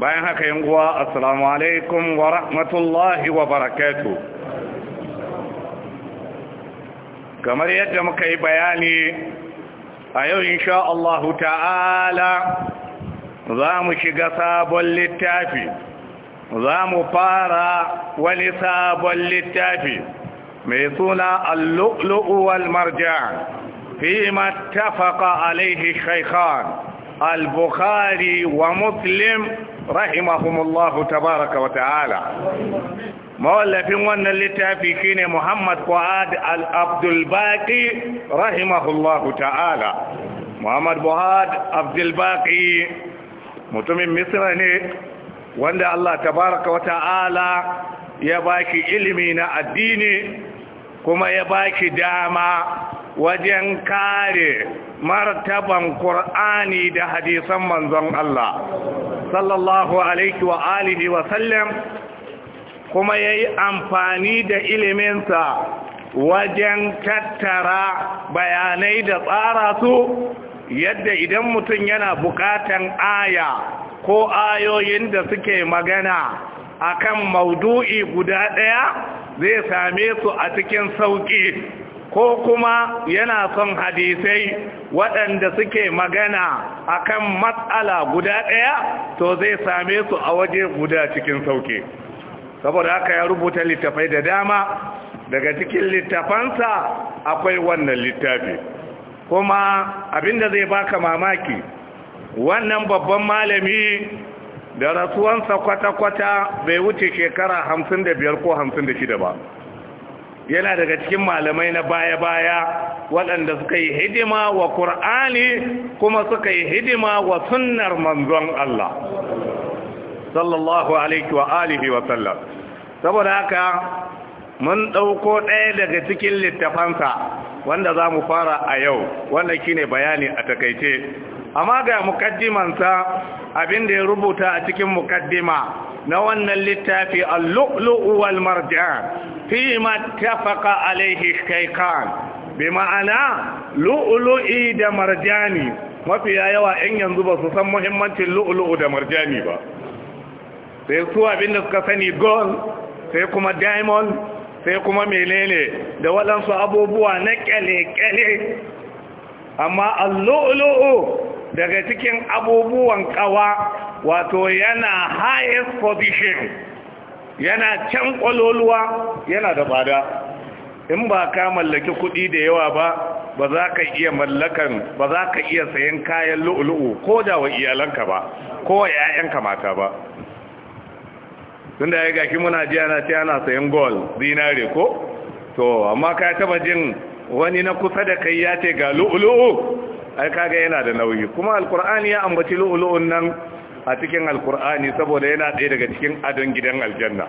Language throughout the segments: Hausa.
bayan haka yin kuwa assalamu alaikum wa rahmatullahi wa barakatu kamar yadda muka yi bayani a yau insha Allah ta'ala za mu shiga sabon littafi za mu fara wani sabon littafi mai suna al-lu'lu'u wal marjan fi ma tafaqa alaihi shaykhan al-bukhari wa muslim rahimahumullahu tabaraka wa ta'ala mawallafin wannan littafi shine Muhammad Fuad al-Abdul Baqi rahimahullahu ta'ala Muhammad Fuad Abdul Baqi mutumin Misra ne wanda Allah tabaraka wa ta'ala ya baki ilimi na addini kuma ya baki dama wajen kare martaban Qur'ani da hadisan manzon Allah sallallahu alaihi wa alihi wa sallam kuma yayi amfani da iliminsa wajen tattara bayanai da tsara su yadda idan mutum yana bukatan aya ko ayoyin da suke magana akan maudu'i guda ɗaya zai same su a cikin sauƙi ko kuma yana son hadisai waɗanda suke magana akan matsala guda ɗaya to zai same su a waje guda cikin sauke saboda haka ya rubuta littafai da dama daga cikin littafansa akwai wannan littafi kuma abinda zai baka mamaki wannan babban malami da rasuwansa kwata-kwata bai wuce shekara hamsin da biyar ko hamsin da shida ba yana daga cikin malamai na baya-baya waɗanda suka yi hidima wa ƙur'ani kuma suka yi hidima wa sunnar manzon Allah sallallahu alaihi wa alihi wa sallam saboda haka mun ɗauko ɗaya daga cikin littafansa wanda za mu fara a yau wanda shine bayani a takaice amma ga muƙaddimansa abin da ya rubuta a cikin mukaddima na wannan littafi al-lu'lu'u wal marjan fi ma tafaqa alayhi shaykan bi ma'ana lu'lu'i da marjani mafi yawa 'yan yanzu ba su san muhimmancin lu'lu'u da marjani ba sai su abinda suka sani gold sai kuma diamond sai kuma menene da waɗansu abubuwa na kyale-kyale amma al-lu'lu'u daga cikin abubuwan kawa wato yana highest position yana can kwaloluwa yana da bada in ba ka mallaki kuɗi da yawa ba ba za ka iya mallakan ba za ka iya sayan kayan lu'ulu'u ko da wa iyalanka ba ko wa 'ya'yanka mata ba tun da ya gafi muna ji ana ce ana sayan gol zinare ko to amma ka taba jin wani na kusa da kai ya ce ga lu'ulu'u ai kaga yana da nauyi kuma alqur'ani ya ambaci lu'lu'un nan a cikin alqur'ani saboda yana ɗaya daga cikin adon gidan aljanna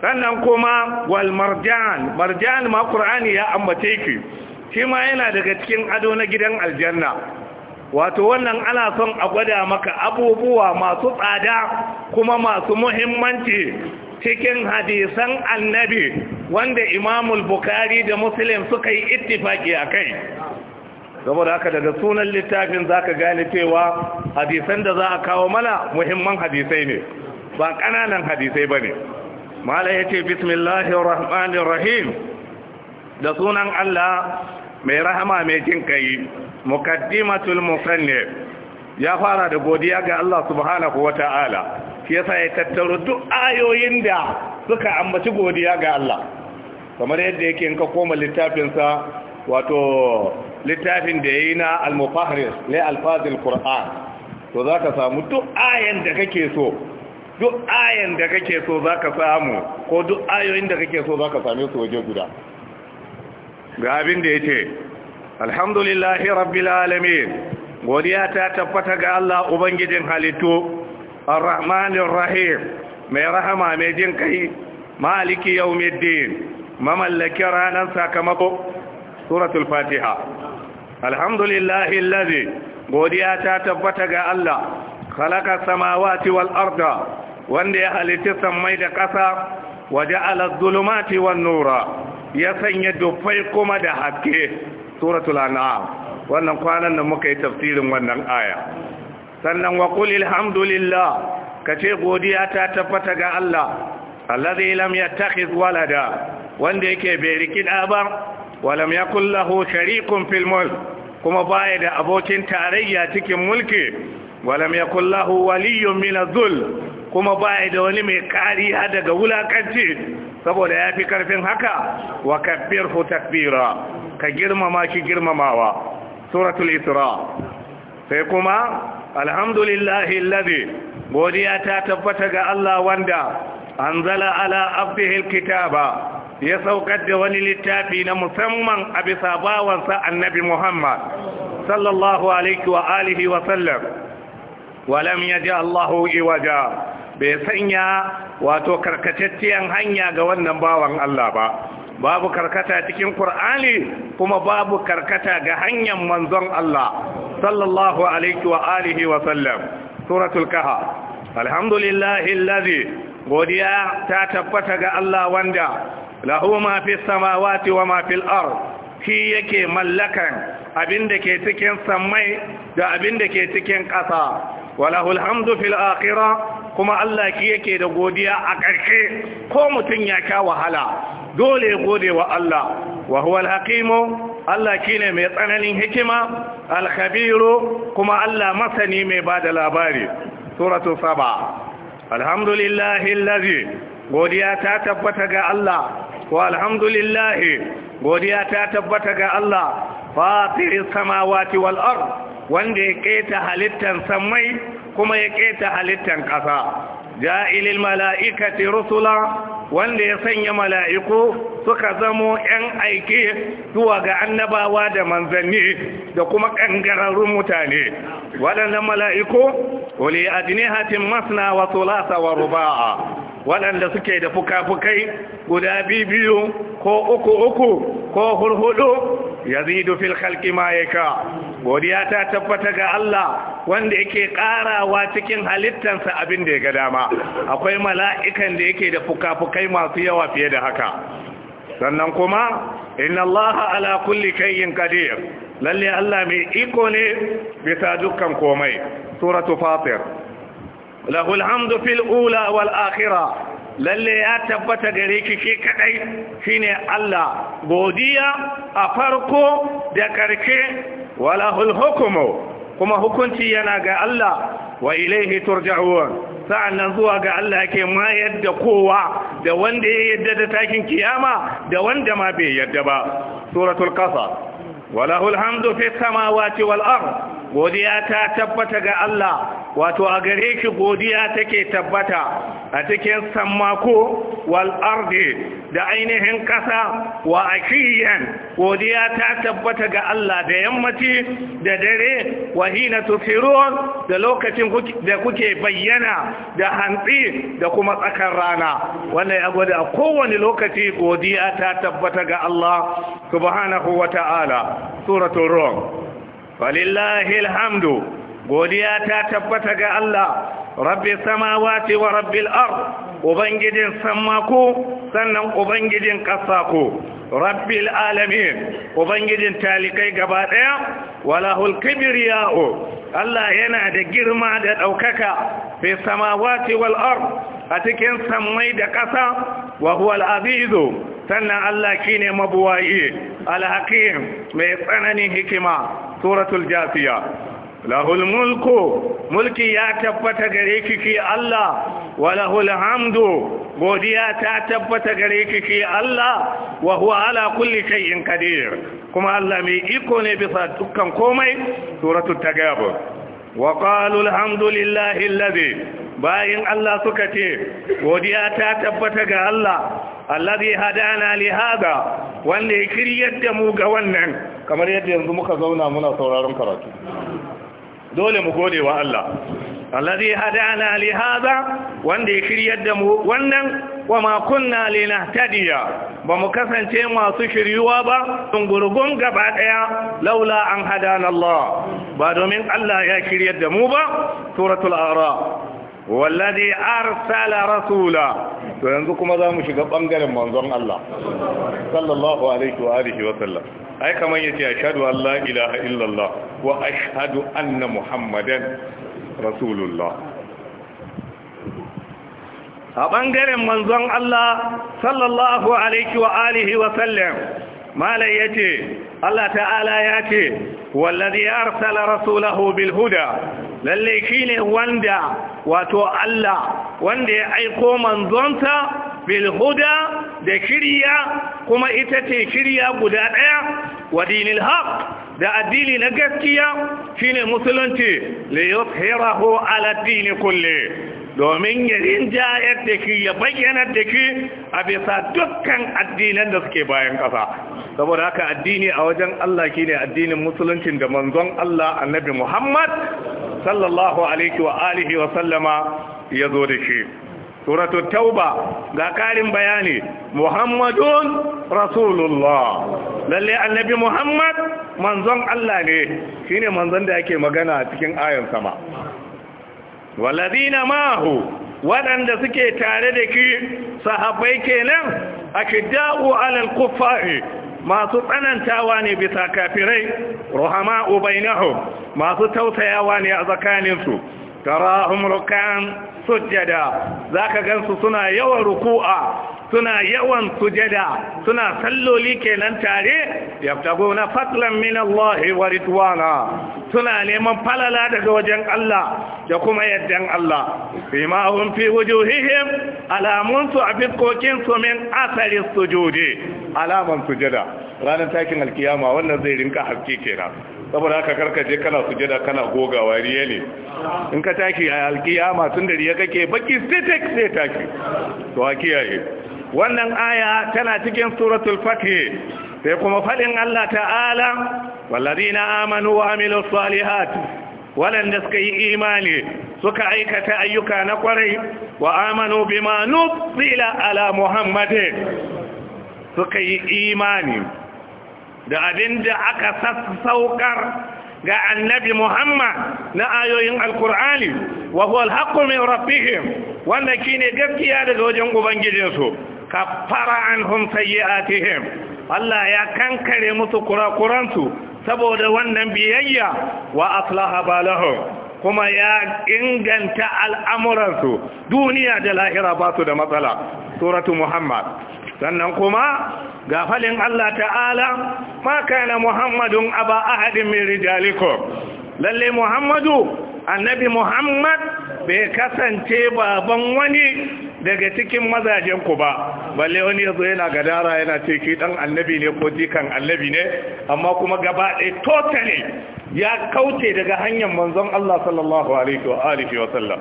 sannan kuma wal marjan marjan ma qur'ani ya ambace ki shi ma yana daga cikin ado na gidan aljanna wato wannan ana son a gwada maka abubuwa masu tsada kuma masu muhimmanci cikin hadisan annabi wanda imamul Bukhari da muslim suka yi ittifaki a kai saboda haka daga sunan littafin zaka gane cewa hadisan da za a kawo mana muhimman hadisai ne ba ƙananan hadisai ba ne. mala ya ce, rahmanir rahim da sunan Allah mai rahama mai jin kai muqaddimatul musannif ya fara da godiya ga Allah subhanahu wataala shi yasa ya tattaro duk ayoyin da suka ambaci godiya ga Allah kamar yadda yake in ka koma littafinsa wato littafin da yayi na al-mufahris li alfazil qur'an to ka samu duk ayan da kake so duk ayan da kake so samu ko duk ayoyin da kake so ka same su waje guda ga abin da yace alhamdulillahi rabbil alamin godiya ta tabbata ga Allah ubangijin halittu arrahmanir rahim mai rahama mai jin kai maliki yawmiddin mamallakin ranar sakamako suratul fatiha alhamdulillahi allazi godiya ta tabbata ga Allah khalaqa samawati wal arda wanda ya halitta samai da ƙasa waje adh-dhulumati nura ya sanya dufai kuma da haske suratul an'am wannan kwanan da muka yi tafsirin wannan aya sannan wa qul alhamdulillah kace godiya ta tabbata ga Allah allazi lam yattakhiz walada wanda yake bai riki da ba walam yakul sharikun fil kuma baya da abokin tarayya cikin mulki walam yakul lahu waliyyun min kuma baya da wani mai kariya daga wulakanci saboda ya fi karfin haka wa kabbirhu takbira ka girmama shi girmamawa suratul isra sai kuma alhamdulillahi alladhi godiya ta tabbata ga Allah wanda anzala ala abdihi alkitaba ya saukar da wani littafi na musamman a bisa bawansa annabi Muhammad sallallahu alaihi wa alihi wa sallam walam yaji Allahu iwaja bai sanya wato karkatacciyar hanya ga wannan bawan Allah ba babu karkata cikin Qur'ani kuma babu karkata ga hanyar manzon Allah sallallahu alaihi wa alihi wa sallam suratul kaha alhamdulillahi alladhi godiya ta tabbata ga Allah wanda lahu ma fi samawati wa ma fil ard shi yake mallakan abin da ke cikin samai da abin da ke cikin ƙasa walahul alhamdu fil akhirah kuma Allah ki yake da godiya a ƙarshe ko mutum ya ka wahala dole gode wa Allah wa huwa al-hakimu Allah kine mai tsananin hikima Alkabiru kuma Allah masani mai bada labari suratu saba alhamdulillahi allazi godiya ta tabbata ga Allah والحمد lillahi godiya ta tabbata ga Allah fatiri samawati wal ard wanda ya keta halittan samai kuma ya keta halittan ƙasa ja'ilil mala'ikati rusula wanda ya sanya mala'iku suka zamo ‘yan aiki zuwa ga annabawa da manzanni da kuma ƙangararrun mutane waɗannan mala'iku wale a jinihatin masna wa tulasa ruba'a waɗanda suke da fuka-fukai guda biyu ko uku-uku ko hulhudu yazidu fil khalqi ma yaka godiya ta tabbata ga Allah wanda yake karawa cikin halittansa abin da ya ga dama akwai mala'ikan da yake da fukafukai masu yawa fiye da haka sannan kuma inna Allah ala kulli kayyin qadir lalle Allah mai iko ne bisa dukkan komai suratu fatir lahu alhamdu fil ula wal akhirah lalle ya tabbata gare ki shi kadai shine Allah godiya a farko da karshe walahul hukmu kuma hukunci yana ga Allah wa ilaihi turja'un sa'annan zuwa ga Allah yake ma yadda kowa da wanda ya yadda da takin kiyama da wanda ma bai yadda ba suratul qasas walahul hamdu fi samawati wal ard godiya ta tabbata ga Allah wato a gare shi godiya take tabbata a cikin sammako wal da ainihin kasa wa akiyan godiya ta tabbata ga Allah da yammaci da dare wa hina tusirun da lokacin da kuke bayyana da hantsi da kuma tsakar rana wannan ya gwada kowane lokaci godiya ta tabbata ga Allah subhanahu wa ta'ala suratul rum falillahi alhamdu godiya ta tabbata ga Allah rabbi samawati wa rabbil ard ubangijin sammaku sannan ubangijin kasaku rabbil alamin ubangijin talikai gaba daya walahul kibriya'u Allah yana da girma da daukaka fi samawati wal ard a cikin sammai da ƙasa wa huwal azizu sannan Allah shine mabuwayi alhakim mai tsananin hikima suratul jafiya lahul mulku mulki ya tabbata gare kiki Allah wa lahul hamdu godiya ta tabbata gare kiki Allah wa huwa ala kulli shay'in qadir kuma Allah mai iko ne bisa dukkan komai suratul tagabur wa qalu alhamdulillahi alladhi bayin Allah suka ce godiya ta tabbata ga Allah alladhi hadana li hada wanda ya kiryar da mu ga wannan kamar yadda yanzu muka zauna muna sauraron karatu dole mu gode wa Allah alladhi hadana li hadha wanda ya shiryar da mu wannan wa ma kunna linahtadiya ba mu kasance masu shiryuwa ba gurgun gaba daya laula an hadana Allah ba domin Allah ya shiryar da mu ba suratul ara والذي أرسل رسولا to yanzu kuma za mu shiga ɓangaren manzon Allah sallallahu alaihi wa alihi wa sallam ai kamar yace ashhadu an la ilaha illallah wa ashhadu anna muhammadan rasulullah a ɓangaren manzon Allah sallallahu alaihi wa alihi wa sallam malai yace Allah ta'ala ya ce wallazi arsala rasulahu bil huda shi shine wanda wato Allah wanda ya aiko manzonsa bil huda da shirya kuma ita ce shirya guda daya wa dinil haq da addini na gaskiya shine musulunci li yuthhirahu ala dini domin ya rinjayar da ki ya bayyana da ki a bisa dukkan addinan da suke bayan ƙasa saboda haka addini a wajen Allah ne addinin musulunci da manzon Allah annabi Muhammad sallallahu alaihi wa alihi wa sallama ya zo da shi suratul tauba ga karin bayani muhammadun rasulullah lalle annabi muhammad manzon Allah ne shine manzon da yake magana cikin ayan sama walladina ma'ahu waɗanda suke tare da ki sahabbai kenan ashidda'u alal kuffari masu tsanantawa ne bisa kafirai ruhama'u ubainahu masu tausayawa ne a tsakaninsu tarahum rukan sujjada zaka gansu suna yawan ruku'a suna yawan sujada suna salloli kenan tare na fatlan min Allah wa ridwana suna neman falala daga wajen Allah da kuma yaddan Allah ma hum fi wujuhihim alamun su afikokin su min asari sujudi alaman sujada ranar takin alkiyama wannan zai rinka haske kenan saboda haka karka je kana sujada kana gogawa riya ne in ka taki a alkiyama tun da riya kake baki stitik sai taki to a kiyaye wannan aya tana cikin suratul fatih sai kuma fadin Allah ta'ala walladina amanu wa amilu salihat waɗanda suka yi imani suka aikata ayyuka na kwarai wa amanu bima nuzila ala muhammadin suka yi imani da abin da aka sassaukar ga annabi Muhammad na ayoyin alkur'ani wa huwa alhaqqu min rabbihim wanda kine gaskiya daga wajen ubangijinsu kaffara anhum sayyi'atihim Allah ya kankare musu kurakuransu saboda wannan biyayya wa aslaha balahum kuma ya inganta al'amuransu duniya da lahira ba su da matsala suratu muhammad sannan kuma ga falin Allah ta'ala ma kana muhammadun aba ahadin min rijalikum lalle muhammadu annabi muhammad bai kasance baban wani daga cikin mazajen ku ba balle wani yazo yana gadara yana ce ki dan annabi ne ko jikan annabi ne amma kuma gaba ɗaya totally ya kauce daga hanyar manzon Allah sallallahu alaihi wa alihi wa sallam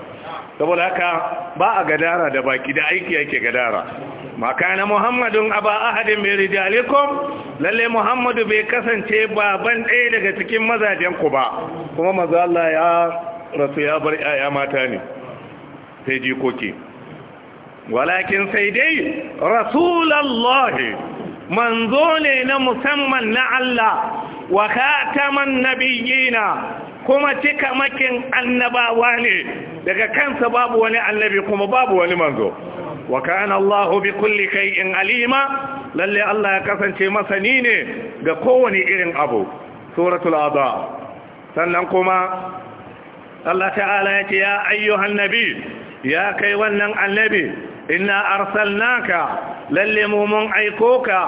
saboda haka ba a gadara da baki da aiki yake gadara makana muhammadun aba ahadin mai rijalikum lalle muhammadu bai kasance baban ɗaya daga cikin mazajenku ba kuma maza Allah ya rasu ya bar yaya mata ne sai jikoki walakin sai dai rasulallahi manzo ne na musamman na Allah wa khataman nabiyina kuma cika makin annabawa ne daga kansa babu wani annabi kuma babu wani manzo wa kana Allah bi kulli shay'in alima lalle Allah ya kasance masani ne ga kowane irin abu suratul adha sannan kuma Allah ta'ala ya ce ya ayyuhan nabi ya kai wannan annabi inna arsalnaka lalle mu mun aiko ka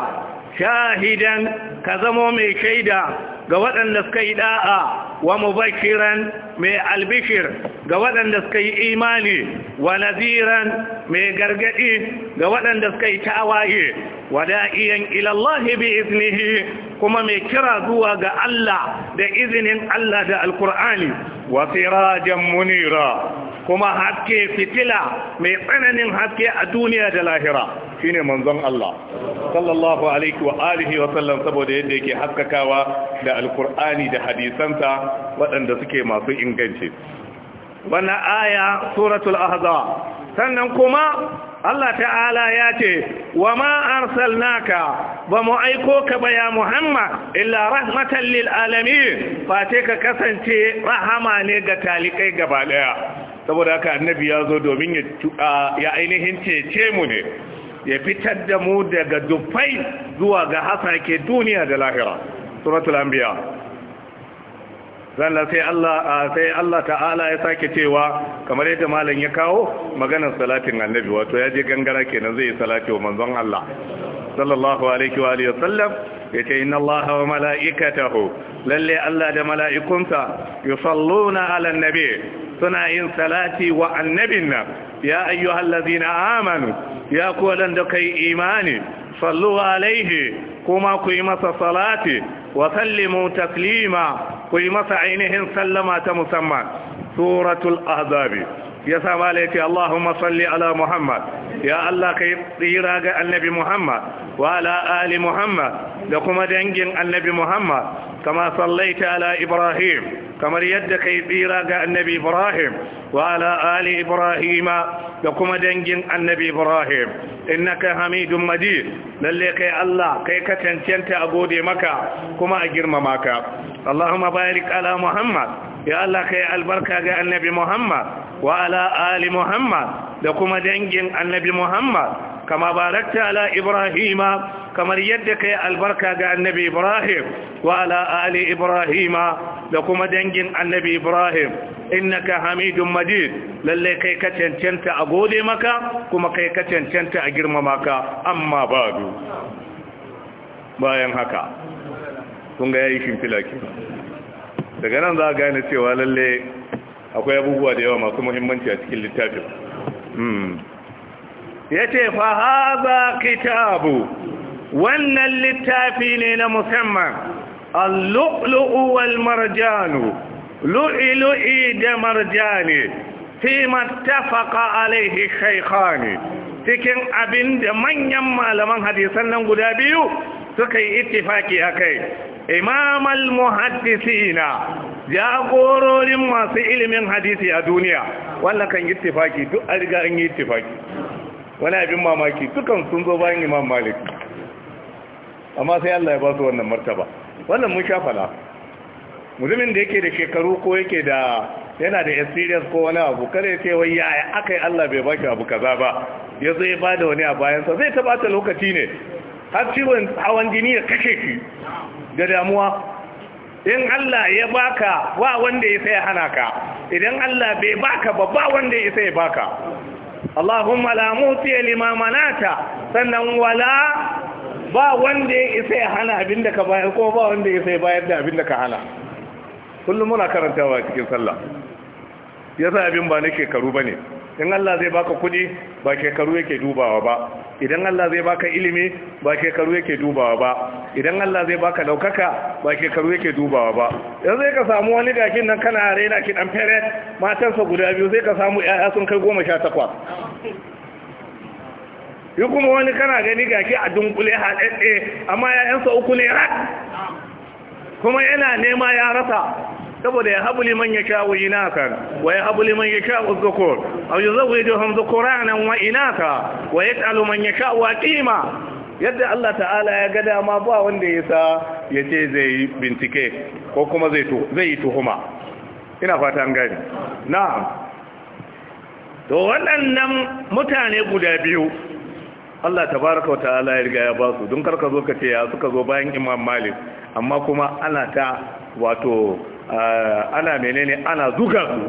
shahidan ka zamo mai shaida ga waɗanda suka yi da'a wa mubashiran mai albishir ga waɗanda suka yi imani wa naziran mai gargaɗi ga waɗanda suka yi tawaye wa da'iyan ilallahi bi iznihi kuma mai kira zuwa ga Allah da izinin Allah da alkur'ani wa sirajan munira kuma haske fitila mai tsananin haske a duniya da lahira shine manzon Allah sallallahu alaihi wa alihi wa sallam saboda yadda yake haskakawa da alkur'ani da hadisansa waɗanda suke masu inganci wannan aya suratul ahza sannan kuma Allah ta'ala ya ce wa ma arsalnaka ba mu aiko ka ba ya Muhammad illa rahmatan lil alamin fa ka kasance rahama ne ga talikai gaba daya saboda haka annabi ya zo domin ya ainihin cece mu ne ya fitar da mu daga dufai zuwa ga hasake duniya da lahira suratul anbiya sannan sai Allah sai Allah ta'ala ya sake cewa kamar yadda malam ya kawo maganar salatin annabi wato ya je gangara kenan zai yi salati wa manzon Allah sallallahu alaihi wa alihi wasallam yace inna Allah wa mala'ikatahu lalle Allah da mala'ikunsa yusalluna ala annabi suna yin salati wa annabin nan ya ayyuhallazina amanu ya kuwa dan da kai imani sallu alaihi kuma ku yi masa salati wa sallimu taslima ku yi masa ainihin sallama ta musamman suratul ahzabi ya sa mala Allahumma salli ala Muhammad ya Allah kai tsira ga annabi Muhammad wa ala ali Muhammad da kuma dangin annabi Muhammad كما صليت على إبراهيم كما يدك إبيراك النبي إبراهيم وعلى آل إبراهيم لكما دنجن النبي إبراهيم إنك حميد مجيد لليك الله كيك تنتينت أبودي مكا كما أجرم مكا اللهم بارك على محمد يا الله كي البركة النبي محمد وعلى آل محمد لكما دنجن النبي محمد kama barakta ala ibrahima kamar yadda kai albarka ga annabi ibrahim wa ala ali Ibrahim da kuma dangin annabi ibrahim innaka hamidun majid lalle kai ka cancanta a gode maka kuma kai ka cancanta a girmama ka amma badu bayan haka kun ga yayi shimfila ke daga nan za a gane cewa lalle akwai abubuwa da yawa masu muhimmanci a cikin littafin ya ce fa haza kitabu wannan littafi ne na musamman al-lu'lu'u wal marjanu lu'ilu'i da marjani fi mattafaqa alaihi shaykhani cikin abin da manyan malaman hadisan nan guda biyu suka yi ittifaki kai imam al-muhaddisina jagororin masu ilimin hadisi a duniya wannan kan ittifaki duk a riga an yi ittifaki wani abin mamaki dukan sun zo bayan imam maliki amma sai Allah ya ba su wannan martaba wannan mun shafala mutumin da yake da shekaru ko yake da yana da experience ko wani abu kare ce wai ya aka yi Allah bai baki abu kaza ba ya zai ba da wani a bayansa zai taba ta lokaci ne har ciwon hawan jini ya kashe shi. da damuwa in Allah ya baka ba wanda ya sai hana ka idan Allah bai baka ba ba wanda ya sai baka Allahumma la mutiya limama nata sannan wala ba wanda ya isa ya hana abin da ka bayar ko ba wanda ya isa ya bayar da abin da ka hana kullum muna karantawa cikin sallah yasa abin ba na shekaru ne. in Allah zai baka kudi ba shekaru yake dubawa ba idan Allah zai baka ilimi ba shekaru yake dubawa ba idan Allah zai baka daukaka ba shekaru yake dubawa ba yanzu zai ka samu wani gashin nan kana raina ki dan fere matarsa guda biyu zai ka samu yaya sun kai goma sha takwas yi kuma wani kana gani gashi a dunkule haɗaɗɗe amma yayansa uku ne rat kuma yana nema ya rasa saboda ya haɓu liman ya shawo inaka wa ya haɓu liman ya shawo zukur aw yi zagwai wa inaka wa ya man ya shawo a yadda Allah ta'ala ya ga dama ba wanda ya sa ya ce zai bincike ko kuma zai yi tuhuma ina fata an gani na'am to waɗannan mutane guda biyu Allah tabaraka wa ta'ala ya riga ya ba su don karka zo ka ce ya suka zo bayan Imam Malik amma kuma ana ta wato eh, ana menene ana zuga su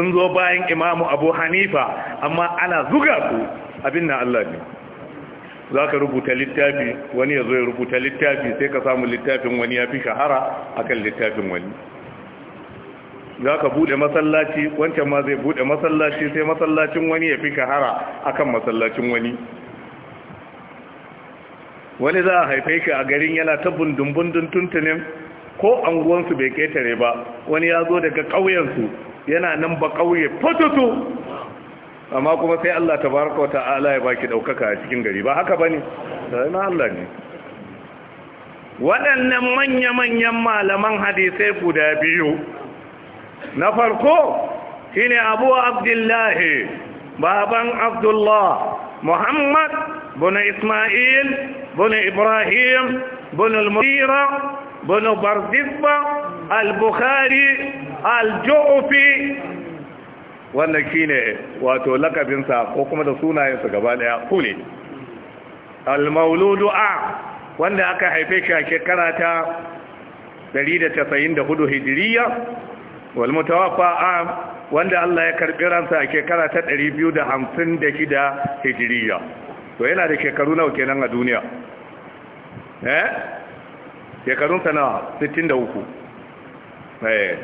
sun zo bayan Imam Abu Hanifa amma ana zuga su abin na Allah ne za ka rubuta littafi wani ya zo ya rubuta littafi sai ka samu littafin wani ya fi shahara akan littafin wani za ka bude masallaci wancan ma zai bude masallaci sai masallacin wani ya fi shahara akan masallacin wani wani za a haife shi a garin yana ta bundun-bundun tuntunin ko anguwansu bai ketare ba wani ya zo daga ƙauyensu yana nan ba ƙauye fototo amma kuma sai Allah ta tabaraka wa ta'ala ya baki daukaka a cikin gari ba haka bane sai na Allah ne waɗannan manya-manyan malaman hadisai guda biyu na farko shine Abu Abdullahi baban Abdullah Muhammad bin Isma'il bin Ibrahim bin Al-Mughira bin barzifa Al-Bukhari Al-Ju'fi wannan shine wato lakabinsa ko kuma da sunayensa gaba daya kule al-mauludu a wanda aka haife shi a shekara ta 194 hijiriya wal mutawaffa a wanda Allah ya karbi ransa a shekara ta 256 hijiriya to yana da shekaru nawa kenan a duniya eh sa nawa 63 eh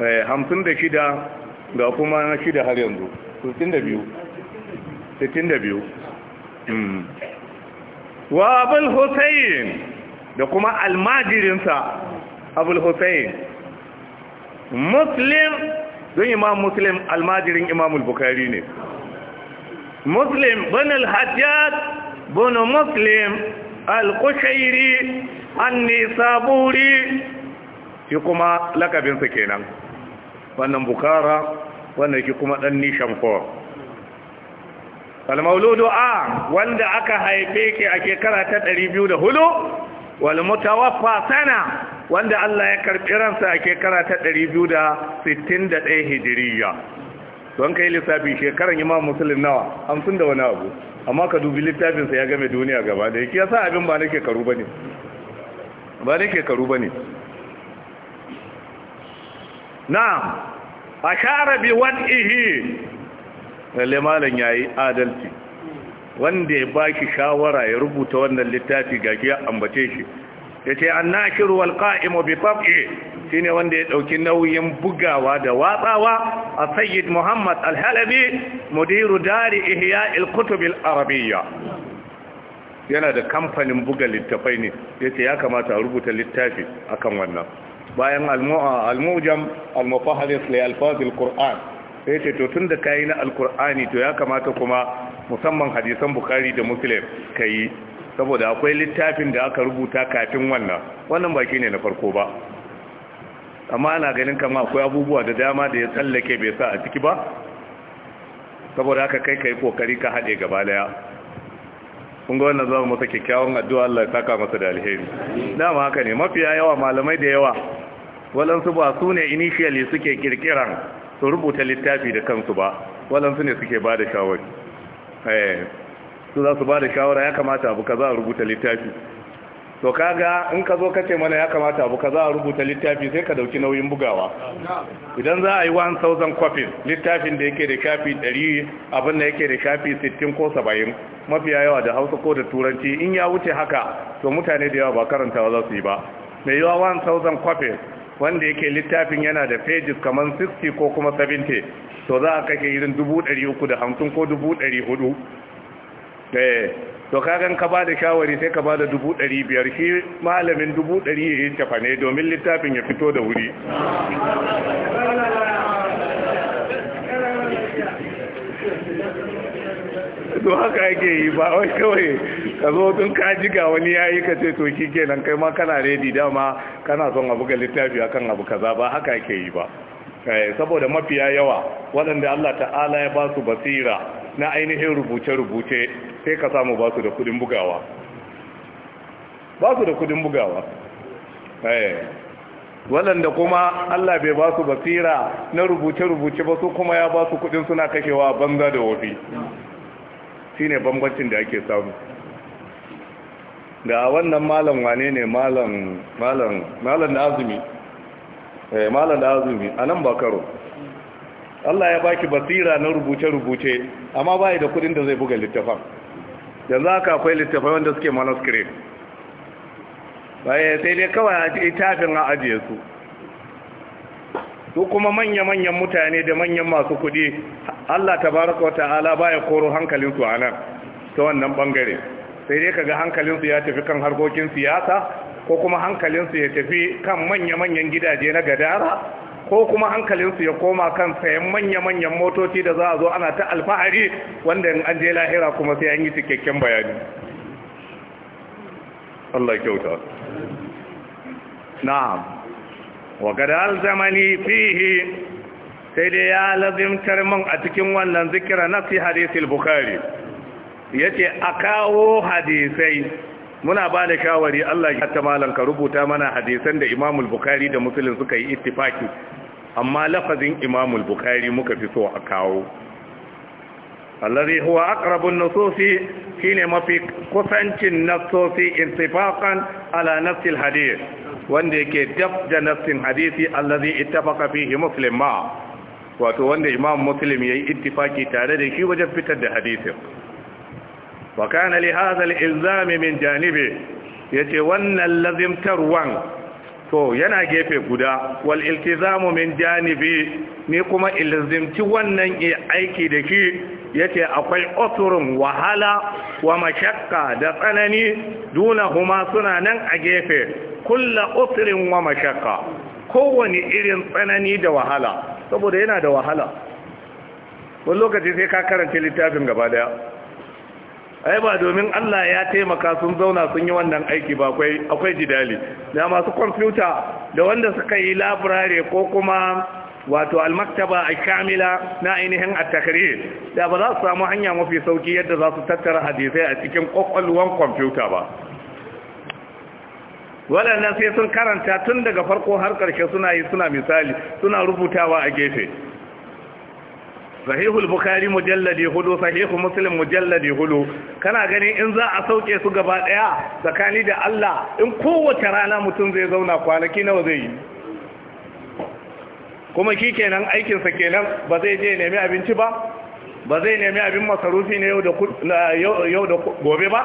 eh 56 ga kuma na shida har yanzu 62 biyu. Hmm. wa abul hussein da kuma almajirinsa abul hussein muslim don imam muslim almajirin imam bukari ne muslim bin al-hajjad bin muslim al-kushairi an-nisaburi shi kuma lakabinsa kenan wannan bukara wannan ki kuma dan nishan ko mauludu a wanda aka haife ki a shekara ta 200 hulu wal mutawaffa sana wanda Allah ya karbi ransa a shekara ta 261 hijiriya don kai lissafi shekaran imam muslim nawa hamsin da wani abu amma ka dubi littafinsa ya game duniya gaba da yake yasa abin ba nake karu bane ba nake karu bane na'am a share bi wad'ihi lalle malam yayi adalci wanda ya baki shawara ya rubuta wannan littafi ga ya ambace shi yace annashiru wal qa'imu bi tab'i shine wanda ya ɗauki nauyin bugawa da watsawa a sayyid muhammad al-halabi mudiru dari ihya al-kutub al-arabiyya yana da kamfanin buga littafai ne yace ya kamata a rubuta littafi akan wannan bayan al-mujam al li alfazil qur'an sai ce to tunda kai na al-qur'ani to ya kamata kuma musamman hadisan bukhari da muslim kai saboda akwai littafin da aka rubuta kafin wannan wannan baki ne na farko ba amma ana ganin kamar akwai abubuwa da dama da ya tsallake bai sa a ciki ba saboda haka kai kai kokari ka haɗe gaba daya kun ga wannan zama masa kyakkyawan addu'a Allah ya saka masa da alheri dama haka ne mafiya yawa malamai da yawa waɗansu ba su ne initially suke kirkiran su rubuta littafi da kansu ba waɗansu ne suke ba da shawari eh, su za su ba da shawara ya kamata abu kaza a rubuta littafi to kaga in ka zo ka ce mana ya kamata abu kaza a rubuta littafi sai ka dauki nauyin bugawa idan za a yi 1000 copies littafin da yake da shafi 100 abin da yake da shafi 60 ko 70 mafiya yawa da Hausa ko da Turanci in ya wuce haka to mutane da yawa ba karantawa za su yi ba mai yawa 1000 copies wanda yake littafin yana da pages kaman 60 ko kuma 70 to za a kake irin 350 ko 400 eh to kagan ka ba da shawari sai ka ba da 500 shi malamin 100 ya yi tafa ne domin littafin ya fito da wuri to haka yake yi ba wai kawai ka zo tun ka ji ga wani yi ka ce to shi kenan kai ma kana redi dama kana son abu ga littafi akan abu kaza ba haka ake yi ba eh, saboda mafiya yawa waɗanda Allah ta'ala ya ba su basira na ainihin rubuce-rubuce sai ka samu ba su da kudin bugawa ba su da kudin bugawa eh, waɗanda kuma Allah bai ba su basira na rubuce-rubuce ba su kuma ya ba su kudin suna kashewa banza da wofi shi ne bambancin da ake samu ga wannan malam wane ne malam da azumi eh malam da azumi anan ba karo Allah ya baki basira na rubuce-rubuce amma bai da kudin da zai buga littafin yanzu aka akwai littafai wanda suke manuscript bai eh, sai dai kawai a tafin a ajiye su su kuma manya-manyan mutane da manyan masu kudi Allah tabaraka wa ta'ala baya koro hankalinsu a nan ta wannan bangare sai dai kaga hankalinsu ya tafi kan harkokin siyasa ko kuma hankalinsu ya tafi kan manya-manyan gidaje na gadara ko kuma hankalinsu ya koma kan sayan manya-manyan motoci da za a zo ana ta alfahari wanda an je lahira kuma sai an yi cikakken bayani Allah kyauta na'am wa gadal zamani fihi sai dai ya lazimtar min a cikin wannan zikira na fi al bukhari ya ce a kawo hadisai muna ba da shawari Allah ya ta malan ka rubuta mana hadisan da imamul bukari da musulun suka yi ittifaki amma lafazin imamul bukari muka fi so a kawo allazi huwa aqrabun nususi shine mafi kusancin nasosi intifaqan ala nafsil hadith wanda yake dab da nafsin hadisi allazi ittafaqa fihi muslim ma wato wanda imam muslim yayi ittifaki tare da shi wajen fitar da hadisin wa kana li hadha al min janibi yace wannan lazimtarwan to yana gefe guda wal iltizamu min janibi ni kuma ilzimti wannan aiki da ki yace akwai usurun wahala wa mashakka da tsanani duna huma suna nan a gefe kulla usurin wa mashakka Kowani irin tsanani da wahala saboda yana da wahala wani lokaci sai ka karanta littafin gaba daya ai ba domin Allah ya taimaka sun zauna sun yi wannan aiki ba akwai akwai jidali da masu kwamfuta da wanda suka yi laburare ko kuma wato almaktaba a kamila na ainihin attakari da ba za su samu hanya mafi sauki yadda za su tattara hadisai a cikin kwakwalwan kwamfuta ba waɗannan sai sun karanta tun daga farko har ƙarshe suna yi suna misali suna rubutawa a gefe sahihul bukhari mujalladi hudu sahihu muslim mujalladi hudu kana ganin in za a sauke su gaba daya tsakani da Allah in kowace rana mutum zai zauna kwanaki nawa zai yi kuma shi kenan aikinsa kenan ba zai je nemi abinci ba ba zai nemi abin masarufi ne yau da gobe ba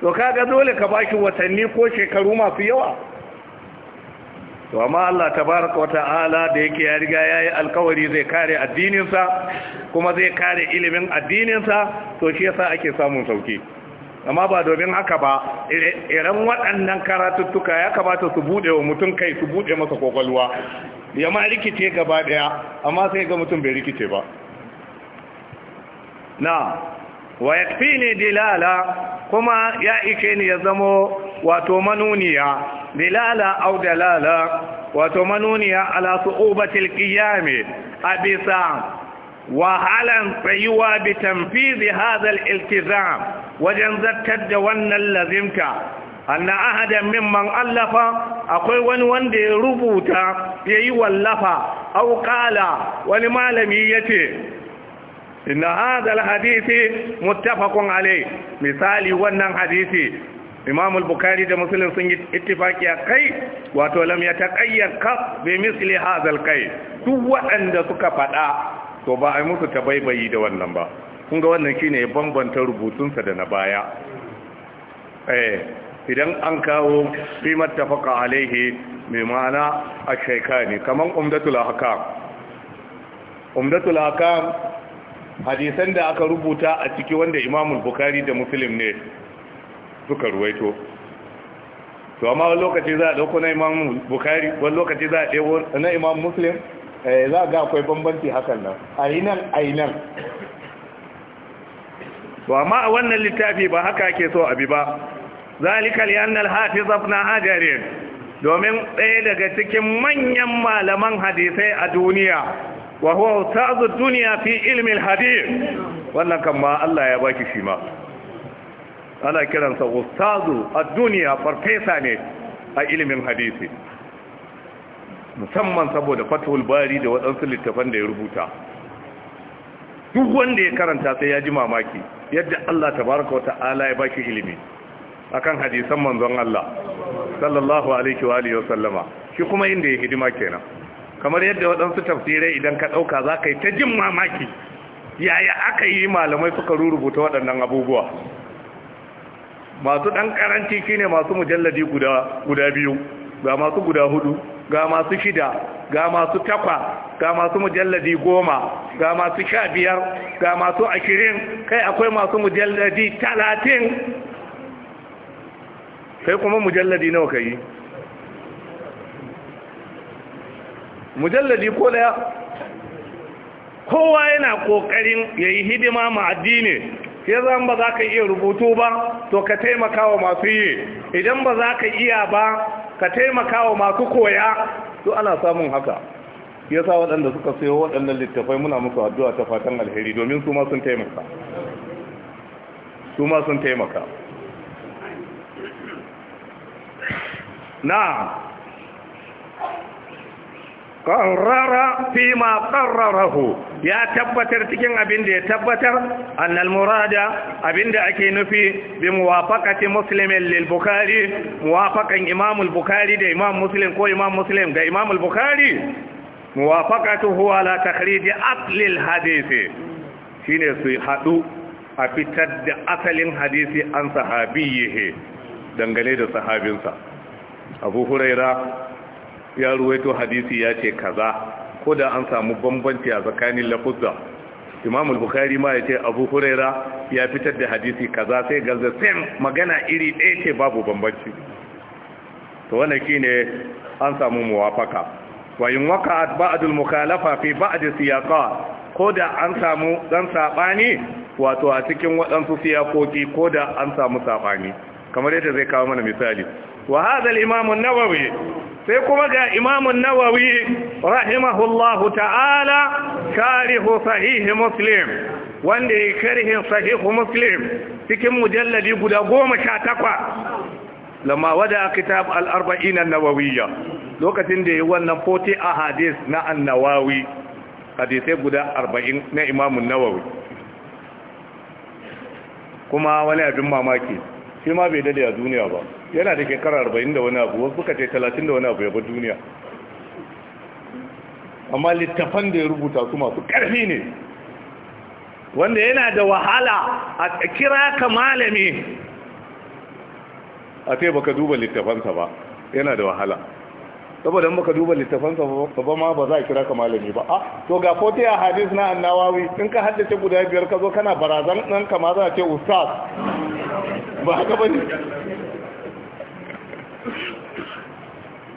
to kaga dole ka baki watanni ko shekaru masu yawa to amma Allah tabaraka ta'ala da yake ya riga ya yi alkawari zai kare addininsa kuma zai kare ilimin addininsa to shi yasa ake samun sauki amma ba domin haka ba irin waɗannan karatuttuka ya kamata su buɗe wa mutum kai su buɗe masa kokolwa ya ma rikice gaba ɗaya amma sai ga mutum bai rikice ba na wa yakfini dilala kuma ya ike ni ya zamo wato manuniya dilala au dalala wato manuniya ala su'ubatil qiyami abisa wahalan tsayuwa bi tanfizi hadha iltizam wajen zartar da wannan lazimta anna ahadan mimman allafa akwai wani wanda ya rubuta yayi wallafa au qala wani malami yace inna hadha hadisi muttafaqun alayh misali wannan hadisi Imam al-Bukhari da Muslim sun yi ittifaki a kai wato lam yataqayyar ka bi misli hadha al-qay duk waɗanda suka faɗa to ba ai musu tabaibayi da wannan ba kun ga wannan shine bambanta rubutunsa da na baya eh idan an kawo bi mattafaqa alaihi mai ma'ana a shaikani kaman umdatul ahkam umdatul ahkam hadisan da aka rubuta a ciki wanda imamul bukari da muslim ne suka ruwaito to amma wani lokaci za a ɗauko na imam bukari wani lokaci za a ɗewo na imam muslim eh, za a ga akwai bambanci hakan nan yi nan. to amma a wannan littafi ba haka ke so abi ba zalikal li'annal hafiz ibn hajar domin ɗaya daga cikin manyan malaman hadisai a duniya wa huwa ustazu dunya fi ilmi alhadith wannan kan ma Allah ya baki shi ma ana kiransa ustazu ad-dunya farfesa ne a ilimin hadisi musamman saboda fathul bari da waɗansu littafan da ya rubuta duk wanda ya karanta sai ya ji mamaki yadda Allah tabaraka wa ta'ala ya baki ilimi akan hadisan manzon Allah sallallahu alaihi wa alihi wa sallama shi kuma inda ya hidima kenan kamar yadda waɗansu tafsirai idan ka ɗauka za ka yi ta jin mamaki yaya aka yi malamai suka rurubuta waɗannan abubuwa masu ɗan ƙaranci ne masu mujalladi guda biyu ga masu guda hudu ga masu shida ga masu takwa ga masu mujalladi goma ga masu sha biyar ga masu ashirin kai akwai masu mujalladi talatin kai kuma mujalladi nawa ka yi mujalladi ko daya kowa yana kokarin yayi hidima ma addini sai zan ba za ka iya rubutu ba to ka taimaka wa masu yi idan ba za ka iya ba ka taimaka wa masu koya to ana samun haka yasa waɗanda suka sayo waɗannan littafai muna musu addu'a ta fatan alheri domin su ma sun taimaka su ma sun taimaka na qarrara fi ma qarrarahu ya tabbatar cikin abin da ya tabbatar annal murada abinda ake nufi bi muwafaqati muslimin lil bukhari muwafaqan imam al bukhari da imam muslim ko imam muslim ga imam al bukhari muwafaqatuhu ala takhrij hadisi al hadith shine su hadu a fitar da asalin hadisi an sahabiyyihi dangane da sahabinsa abu huraira ya ruwaito hadisi ya ce kaza ko da an samu bambanci a tsakanin lafuzza imam al-bukhari ma ya ce abu huraira ya fitar da hadisi kaza sai gaza sai magana iri ɗaya ce babu bambanci to wannan shine an samu muwafaka wa in waka ba'd al-mukhalafa fi ba'd siyaqa ko da an samu dan sabani wato a cikin waɗansu siyakoki ko da an samu sabani kamar yadda zai kawo mana misali wa hadha al an-nawawi sai kuma ga imam an-nawawi rahimahullahu ta'ala sharihu sahih muslim wanda ya karihin sahih muslim cikin mujalladi guda 18 lamma wada kitab al-arba'in an-nawawiyya lokacin da yi wannan 40 ahadith na an-nawawi hadisai guda 40 na imam an-nawawi kuma wani abin mamaki shi ma bai dade a duniya ba yana da shekara arba'in da wani abu wasu suka ce talatin da wani abu ya ba duniya amma littafan da ya rubuta su masu ƙarfi ne wanda yana da wahala a kira ka malami a ce baka duba littafansa ba yana da wahala saboda in baka duba littafansa ba ba ma ba za a kira ka malami ba a to ga kote a hadis na annawawi in ka haddace guda biyar ka zo kana barazan ɗan kama za a ce ustaz ba haka ba ne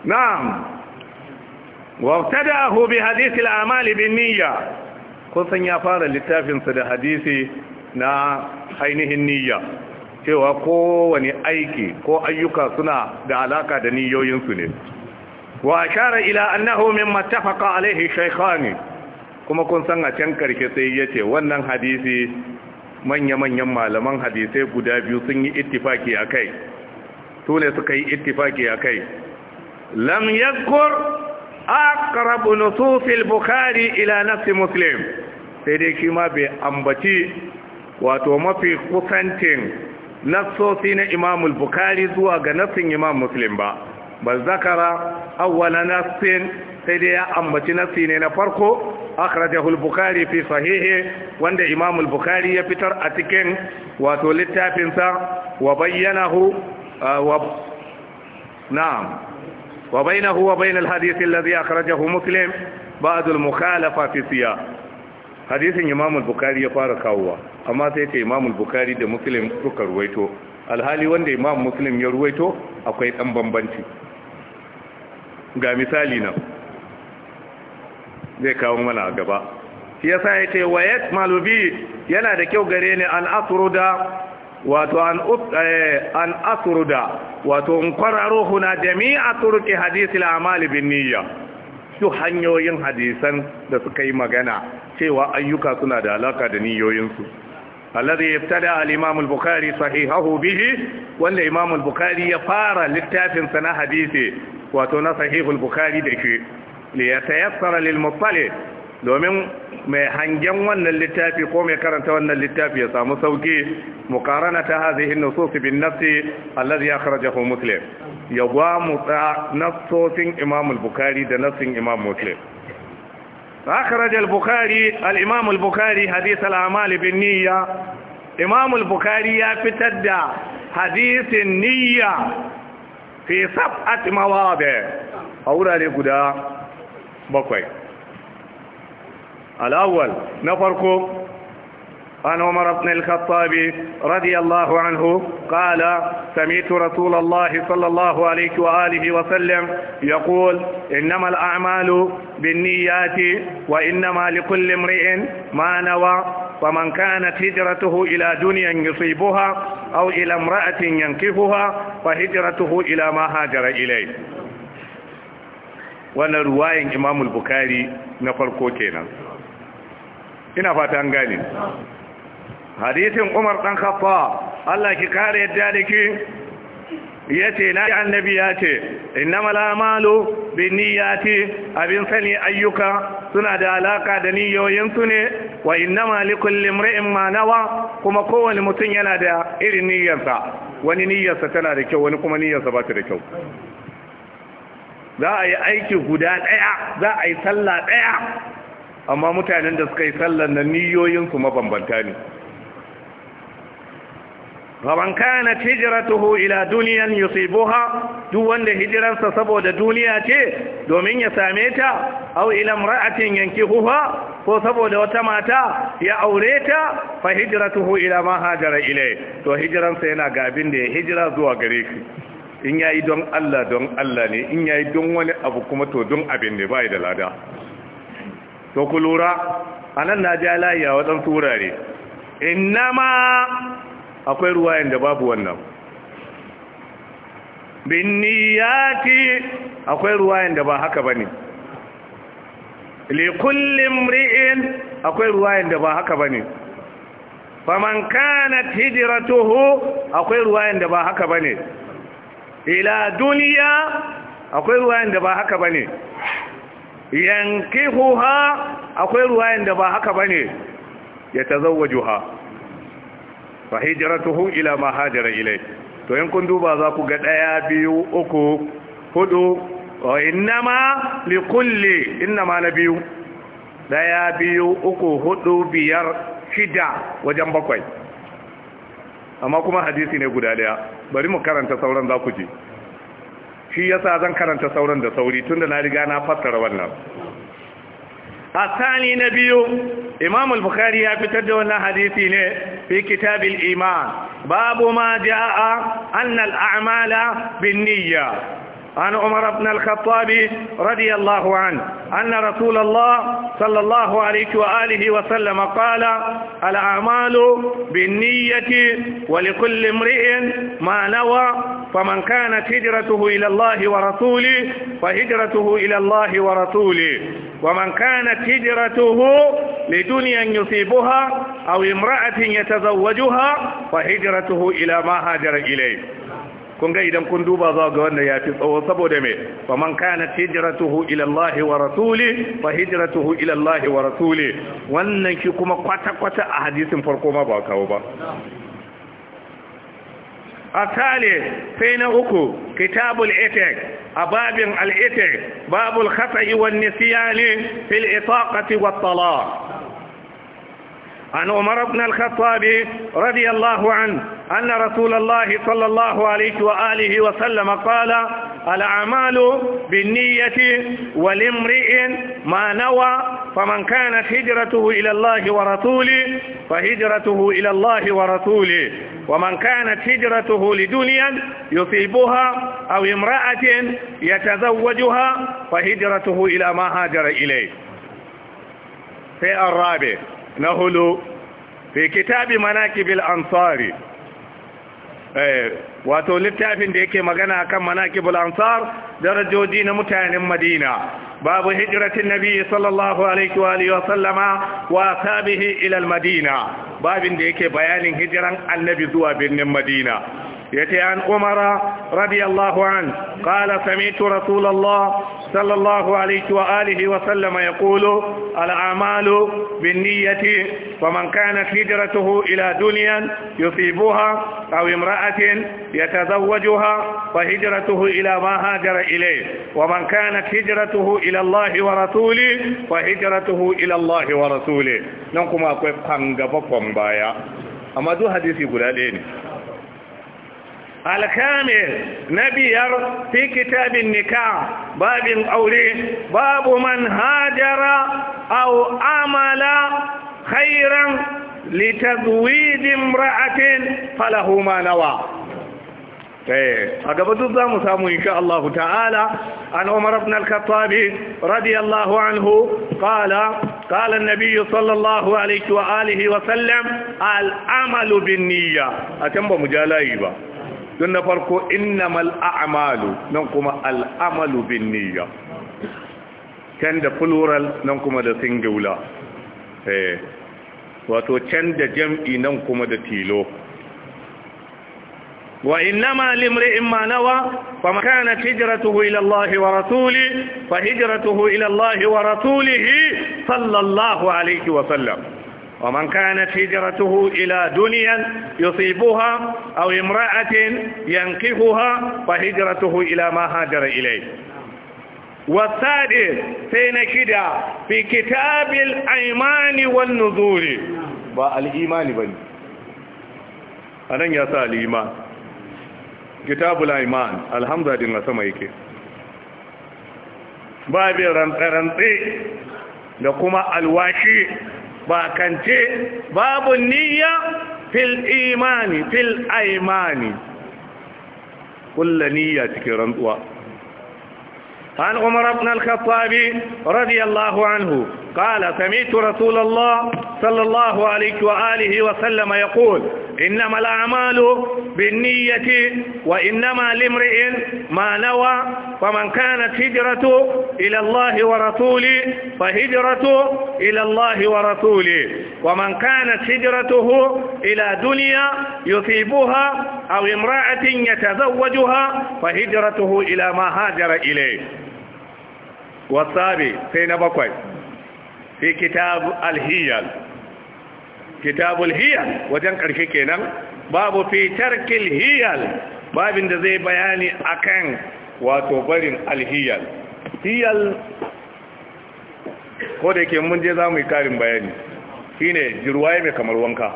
na'am wabtada'ahu bi hadith al bin niyya kun san ya fara littafinsa da hadisi na ainihin niyya cewa kowane aiki ko ayyuka suna da alaka da niyoyinsu ne wa ashara ila annahu mimma tafaqa alayhi shaykhani kuma kun san a can karshe sai yace wannan hadisi manya-manyan malaman hadisai guda biyu sun yi ittifaki a kai su ne suka yi ittifaki a kai lam yadkur nususil bukhari ila nafsi muslim sai dai shi ma bai ambaci wato mafi kusantin Nasosi na imamul bukhari zuwa ga nassin imam muslim ba bal zakara awwala Nasin, sai dai ya ambaci nassi ne na farko akhrajahu al-bukhari fi sahihi wanda imam al-bukhari ya fitar a cikin wato littafin sa wa bayyanahu wa na'am wa bainahu wa bain al-hadith alladhi akhrajahu muslim ba'd al-mukhalafa fi siyah hadisin imam al-bukhari ya fara kawowa amma sai ce imam al-bukhari da muslim suka ruwaito alhali wanda imam muslim ya ruwaito akwai dan bambanci ga misali nan zai kawo mana gaba shi yasa ya ce wayat malubi yana da kyau gare ni an da wato an eh, an da wato in kwararo huna jami'a turki hadisi la bin niyya su hanyoyin hadisan da suka yi magana cewa ayyuka suna da alaka da niyoyinsu alladhi ibtada al-imam al-bukhari sahihahu bihi wanda imam al-bukhari ya fara littafin na hadisi wato na sahihul bukari da ke li ya tayassara lil muttali domin mai hangen wannan littafi ko mai karanta wannan littafi ya samu sauki muqarana ta hadhihi nusus bin nafsi alladhi akhrajahu muslim ya gwamutsa nassosin imam al-bukhari da nassin imam muslim أخرج البخاري الإمام البخاري حديث الأعمال بالنية ya fitar da حديث Niyya. fi sab'at mawadi a wurare guda bakwai al'awwal na farko عن عمر بن الخطاب رضي الله عنه قال سمعت رسول الله صلى الله عليه وآله وسلم يقول إنما الأعمال بالنيات وإنما لكل امرئ ما نوى فمن كانت هجرته إلى دنيا يصيبها أو إلى امرأة ينكفها فهجرته إلى ما هاجر إليه wannan ruwayin imamul bukari na farko kenan ina fata an hadisin umar ɗan kafa Allah ki kare yadda dake ki na annabi yace innama innama lamalu bi niyyati abin sani ayyuka suna da alaka da su ne wa innama kulli imri'in ma nawa kuma kowane mutum yana da irin niyyarsa wani niyyarsa tana da kyau wani kuma niyyarsa ba ta da kyau za a yi aiki guda ɗaya za a yi sallah ɗaya amma mutanen da suka yi sallar na su mabambanta ne gaban kana hijratuhu ila duniyan yusibuha duk wanda hijirarsa saboda duniya ce domin ya same ta aw ila imra'atin yankihuha ko saboda wata mata ya aure ta fa hijratuhu ila ma hajara ilay to hijirarsa yana ga abin da ya hijira zuwa gare shi in yayi don Allah don Allah ne in yayi don wani abu kuma to don abin da bai da lada to ku lura anan na ja layi a wadansu wurare innama akwai ruwayen da babu wannan bin akwai ruwayen da ba haka bane li kulli imri'in akwai ruwayen da ba haka bane faman kanat hijratuhu akwai ruwayen da ba haka bane ila duniya akwai ruwayen da ba haka bane yankihuha akwai ruwayen da ba haka bane yatazawwajuha fa hijratuhu ila ma hajara ilai to in kun duba za ku ga daya biyu uku hudu wa innama li kulli innama na biyu daya biyu uku hudu biyar shida wajen bakwai amma kuma hadisi ne guda daya bari mu karanta sauran za ku ji shi yasa zan karanta sauran da sauri tunda na riga na fassara wannan الثاني نبي إمام البخاري يفتد لنا له في كتاب الإيمان باب ما جاء أن الأعمال بالنية عن عمر بن الخطاب رضي الله عنه أن رسول الله صلى الله عليه وآله وسلم قال الأعمال بالنية ولكل امرئ ما نوى فمن كانت هجرته إلى الله ورسوله فهجرته إلى الله ورسوله ومن كانت هجرته لدنيا يصيبها أو امرأة يتزوجها فهجرته إلى ما هاجر إليه kun ga idan kun duba za ga wannan ya fi tsawo saboda me fa man kana hijratuhu ila Allah wa rasuli fa hijratuhu ila Allah wa rasuli wannan shi kuma kwata kwata a hadisin farko ma ba kawo ba atale sai na uku kitabul ite ababin al itik babul khata'i wan nisyani fil itaqati wat talaq عن عمر بن الخطاب رضي radiyallahu عنه أن رسول الله صلى الله عليه وآله وسلم قال الأعمال بالنية والامرئ ما نوى فمن كانت هجرته إلى الله ورسوله فهجرته إلى الله ورسوله ومن كانت هجرته لدنيا يصيبها أو امرأة يتزوجها فهجرته إلى ما هاجر إليه في الرابع نهل في كتاب مناكب الأنصار Eh, wato littafin da yake magana kan manaqibul ansar darajoji na mutanen madina babu hijratin nabi sallallahu alaihi wa alihi wa sallama wa tabihi ila al madina babin da yake bayanin hijiran annabi zuwa birnin madina يتي عن عمر رضي الله عنه قال سمعت رسول الله صلى الله عليه وآله وسلم يقول الأعمال بالنية ومن كانت هجرته إلى دنيا يصيبها أو امرأة يتزوجها فهجرته إلى ما هاجر إليه ومن كانت هجرته إلى الله ورسوله فهجرته إلى الله ورسوله نقوم أقول قنقب أما دو حديثي قلالين الكامل نبي ير في كتاب النكاح باب القول باب من هاجر أو عمل خيرا لتزويد امرأة فله ما نوى ايه اقبض الظلم سامو ان شاء الله تعالى عن عمر بن الخطاب رضي الله عنه قال قال النبي صلى الله عليه وآله وسلم العمل بالنية اتم مجالا don na farko innamal a'malu nan kuma al'amalu bin niyya can da plural nan kuma da singular eh wato can da jam'i nan kuma da tilo wa innama limri'in ma nawa fa ma kana hijratuhu ila Allah wa rasuli fa hijratuhu ila Allah wa rasulihi sallallahu alaihi wa sallam ومن كانت هجرته إلى دنيا يصيبها أو امرأة ينقفها فهجرته إلى ما هاجر إليه والسادس سين كده في كتاب الأيمان والنذور والإيمان بني أنا يسأل الإيمان كتاب الأيمان الحمد لله سمعيك babin rantsarantse da kuma alwashi ba kance babu niyya fil imani fil aimani kulla niyya cikin rantsuwa an umar abin al-khattabi radiyallahu anhu قال سمعت رسول الله صلى الله عليه وآله وسلم يقول إنما الأعمال بالنية وإنما لامرئ ما نوى فمن كانت هجرته إلى الله ورسوله فهجرته إلى الله ورسوله ومن كانت هجرته إلى دنيا يصيبها أو امرأة يتزوجها فهجرته إلى ما هاجر إليه والصابي سينبقى fi kitab alhiyal kitabul hiyal wajen karshe kenan babu fi tarkil hiyal babin da zai bayani akan wato barin alhiyal hiyal ko da ke mun je za mu yi karin bayani shine jirwaye mai kamar wanka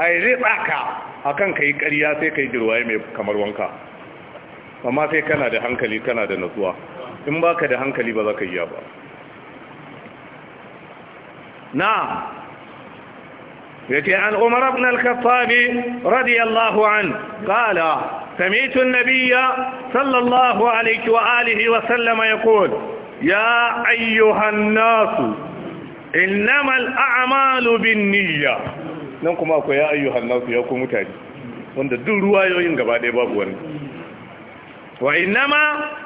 a yi ritsaka akan ka yi ƙarya sai ka yi jirwaye mai kamar wanka amma sai kana da hankali kana da natsuwa in baka da hankali ba za ka yi ya ba نعم يتي عن عمر بن الخطاب رضي الله عنه قال سمعت النبي صلى الله عليه وآله وسلم يقول يا أيها الناس إنما الأعمال بالنية نقوم نعم، أكو يا أيها الناس يقوم متعد wanda duk ruwayoyin gaba ɗaya babu wani wa innama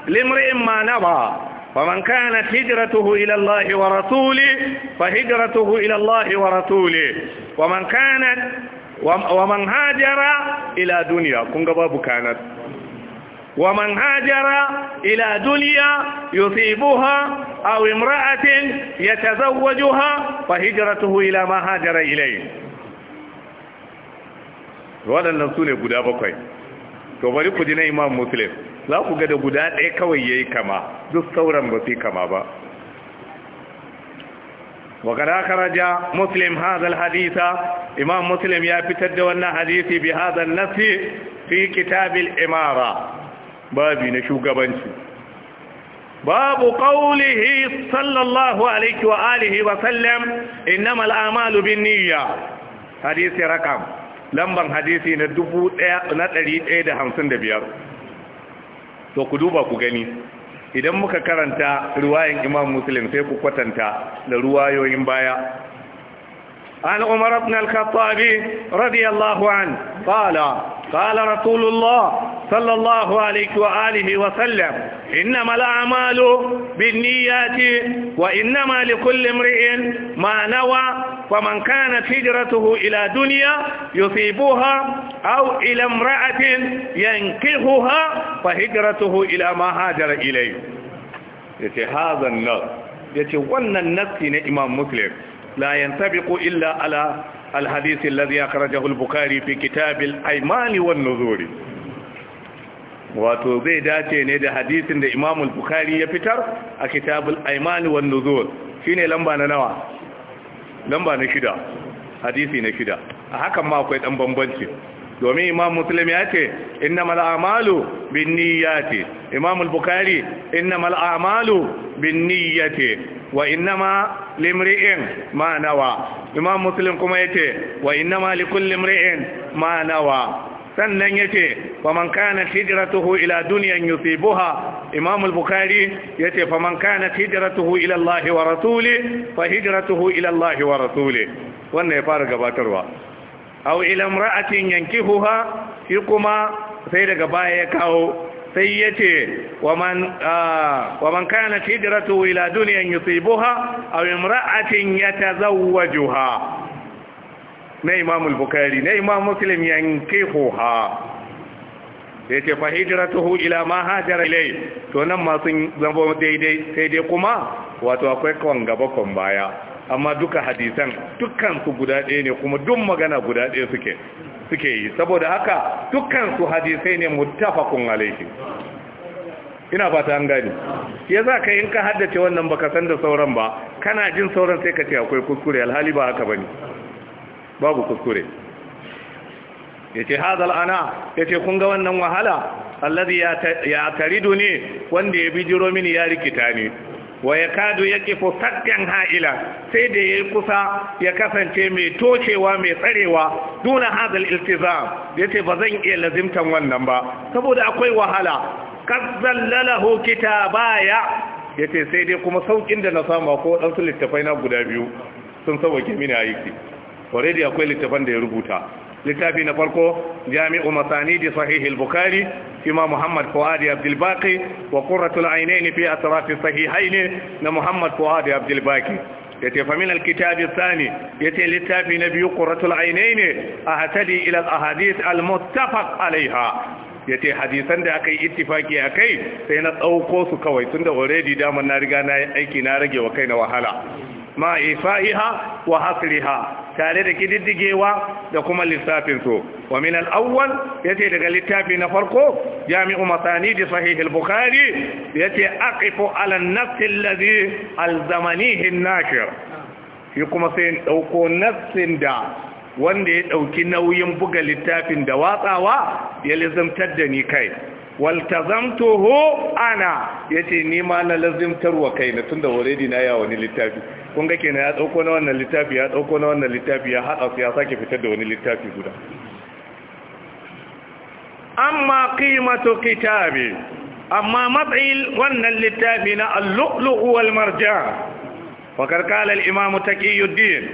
limri'in ma na ba فمن كانت هجرته إلى الله ورسوله فهجرته إلى الله ورسوله ومن كانت ومن هاجر إلى دنيا كنغباب كانت ومن هاجر إلى دنيا يصيبها أو امرأة يتزوجها فهجرته إلى ما هاجر إليه waɗannan su ne guda bakwai to bari ku ji za ku ga da guda ɗaya kawai ya yi kama duk sauran ba kama ba wa kada raja muslim hazal haditha imam muslim ya fitar da wannan hadisi bi hazal nafi fi imara babi na shugabanci babu qawlihi sallallahu alaihi wa alihi wa sallam innamal a'malu binniyya hadisi rakam lamban hadisi na 1155 to ku duba ku gani idan muka karanta ruwayen imam muslim sai ku kwatanta da ruwayoyin baya عن عمر بن الخطاب رضي الله عنه قال قال رسول الله صلى الله عليه وآله وسلم إنما الأعمال بالنيات وإنما لكل امرئ ما نوى فمن كانت هجرته إلى دنيا يصيبها أو إلى امرأة ينكهها فهجرته إلى ما هاجر إليه يتي هذا النص يتي ون النص إمام مسلم لا ينطبق إلا على الحديث الذي أخرجه البخاري في كتاب الأيمان والنذور wato zai dace ne da hadisin da Imam Bukhari ya fitar a Kitabul Aiman wan Nuzul shine lamba na nawa lamba na shida hadisi na shida a hakan ma akwai ɗan bambanci domin Imam Muslim ya ce innamal a'malu binniyati Imam Bukhari innamal a'malu binniyati wa innama limri'in ma nawa imam muslim kuma yace wa innama likulli imri'in ma nawa sannan ya ce faman kana hijratuhu ila duniyan yusibuha imam al-bukhari ya ce faman kana hijratuhu ila Allah wa rasuli fa hijratuhu ila Allah wa rasuli wannan ya fara gabatarwa aw ila imra'atin yankihuha shi kuma sai daga baya ya kawo sai ya ce wa man kana hijratu ila dunyan yusibuha aw imra'atin yatazawwajuha na imam al-bukhari na imam muslim yankihuha yace fa hijratuhu ila ma hajara ilay to nan ma sun zambo daidai sai dai kuma wato akwai kwan gaba kwan baya amma duka hadisan dukkansu guda ɗaya ne kuma duk magana guda ɗaya suke suke yi saboda haka dukkansu hadisai ne muttafaqun alaihi ina fata an gani ya za ka in ka haddace wannan baka san da sauran ba kana jin sauran sai ka ce akwai kuskure alhali ba haka bane babu kuskure yace hadal ana yace kun ga wannan wahala alladhi ya taridu ne wanda ya bijiro mini ya rikita ni wa ya kadu ya kifo sakkan ha'ila sai da ya kusa ya kasance mai tocewa mai tsarewa duna hazal iltizam ya ce ba zan iya lazimtan wannan ba saboda akwai wahala kazzallalahu kitabaya ya ce sai dai kuma saukin da na samu ko ɗansu littafai na guda biyu sun sauwake mini aiki already akwai littafan da ya rubuta littafi na farko jami'u masani sahih al-bukhari shima muhammad fuad abdul wa qurratul aynain fi atraf ne na muhammad fuad Abdulbaki ya yace fa min al-kitab ath yace littafi na biyu qurratul aynain ahtadi ila al ahadis al-muttafaq alaiha ya ce hadisan da aka yi ittifaki a kai sai na sauko su kawai tun da already damar na riga na aiki na rage wa kai na wahala ma ifaiha wa hasriha tare da kididdigewa da kuma lissafin su wa min al-awwal yace daga littafi na farko jami'u masanidi sahih al-bukhari yace aqifu ala an-nafs alladhi alzamanihi an-nashir shi kuma sai dauko nafsin da wanda ya dauki nauyin buga littafin da watsawa ya lizamtar da ni kai waltazamtuhu ana yace ni ma na lazimtarwa kaina tunda already na ya wani littafi kun ga kenan ya dauko na wannan littafi ya dauko na wannan littafi ya hada su ya sake fitar da wani littafi guda amma qimatu kitabi amma matsayin wannan littafi na al-lu'lu' wal marjan fa karkala al-imam taqiyuddin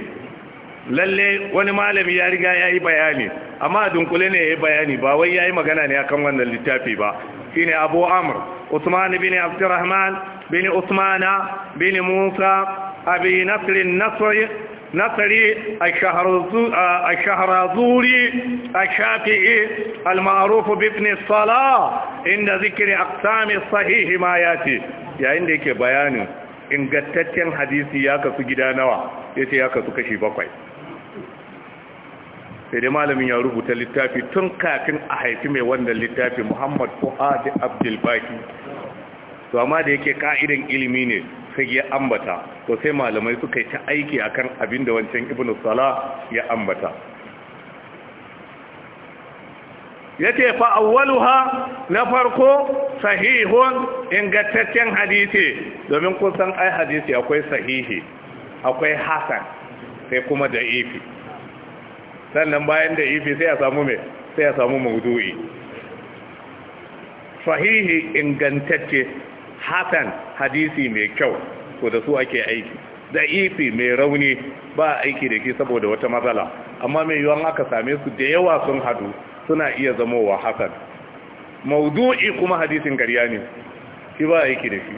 lalle wani malami ya riga ya yi bayani amma dunkule ne ya yi bayani ba wai ya yi magana ne akan wannan littafi ba shine abu amr usman bin abdurrahman bin usmana bin musa abi nasr nasri nasri الشهرزوري الشافعي المعروف بابن الصلاة عند ذكر أقسام الصحيح ما ياتي yayin da yake bayanin ingantaccen hadisi ya kasu gida nawa ya ce ya kasu kashi bakwai sai dai malamin ya rubuta littafi tun kafin a haifi mai wannan littafi muhammad fuhadi abdulbaki to amma da yake ka'idan ilimi ne sai ya ambata to sai malamai suka yi ta aiki akan abin da wancan ibn salah ya ambata yace fa awwaluha na farko sahihun ingantaccen hadisi domin kun san ai hadisi akwai sahihi akwai hasan sai kuma da'ifi sannan bayan da ifi sai ya samu mai sai a samu maudu'i sahihi ingantacce hasan hadisi mai kyau ko da su ake aiki da ifi mai rauni ba aiki da ke saboda wata matsala amma mai yiwuwan aka same su da yawa sun hadu suna iya zamowa hasan maudu'i kuma hadisin ƙarya ne shi ba aiki da shi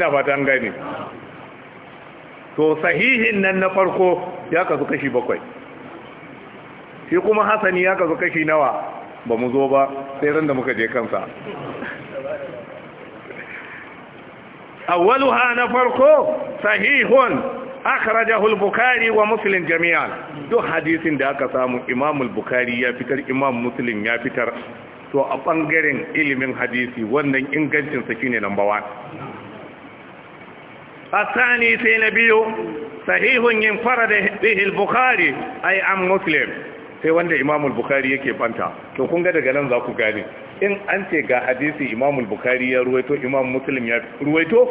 ina fata an gane to sahihin nan na farko ya kasu kashi bakwai shi kuma hasani ya kasu kashi nawa ba mu zo ba sai ran muka je kansa awwaluha na farko sahihun akhrajahu al-bukhari wa muslim jami'an duk hadisin da aka samu imam al-bukhari ya fitar imam muslim ya fitar to a bangaren ilimin hadisi wannan ingancin sa shine number 1 asani sai na biyu sahihun yin farada أي al-bukhari muslim sai wanda imamul bukari yake banta to kun ga daga nan za ku gane in an ce ga hadisi imamul bukari ya ruwaito imam muslim ya ruwaito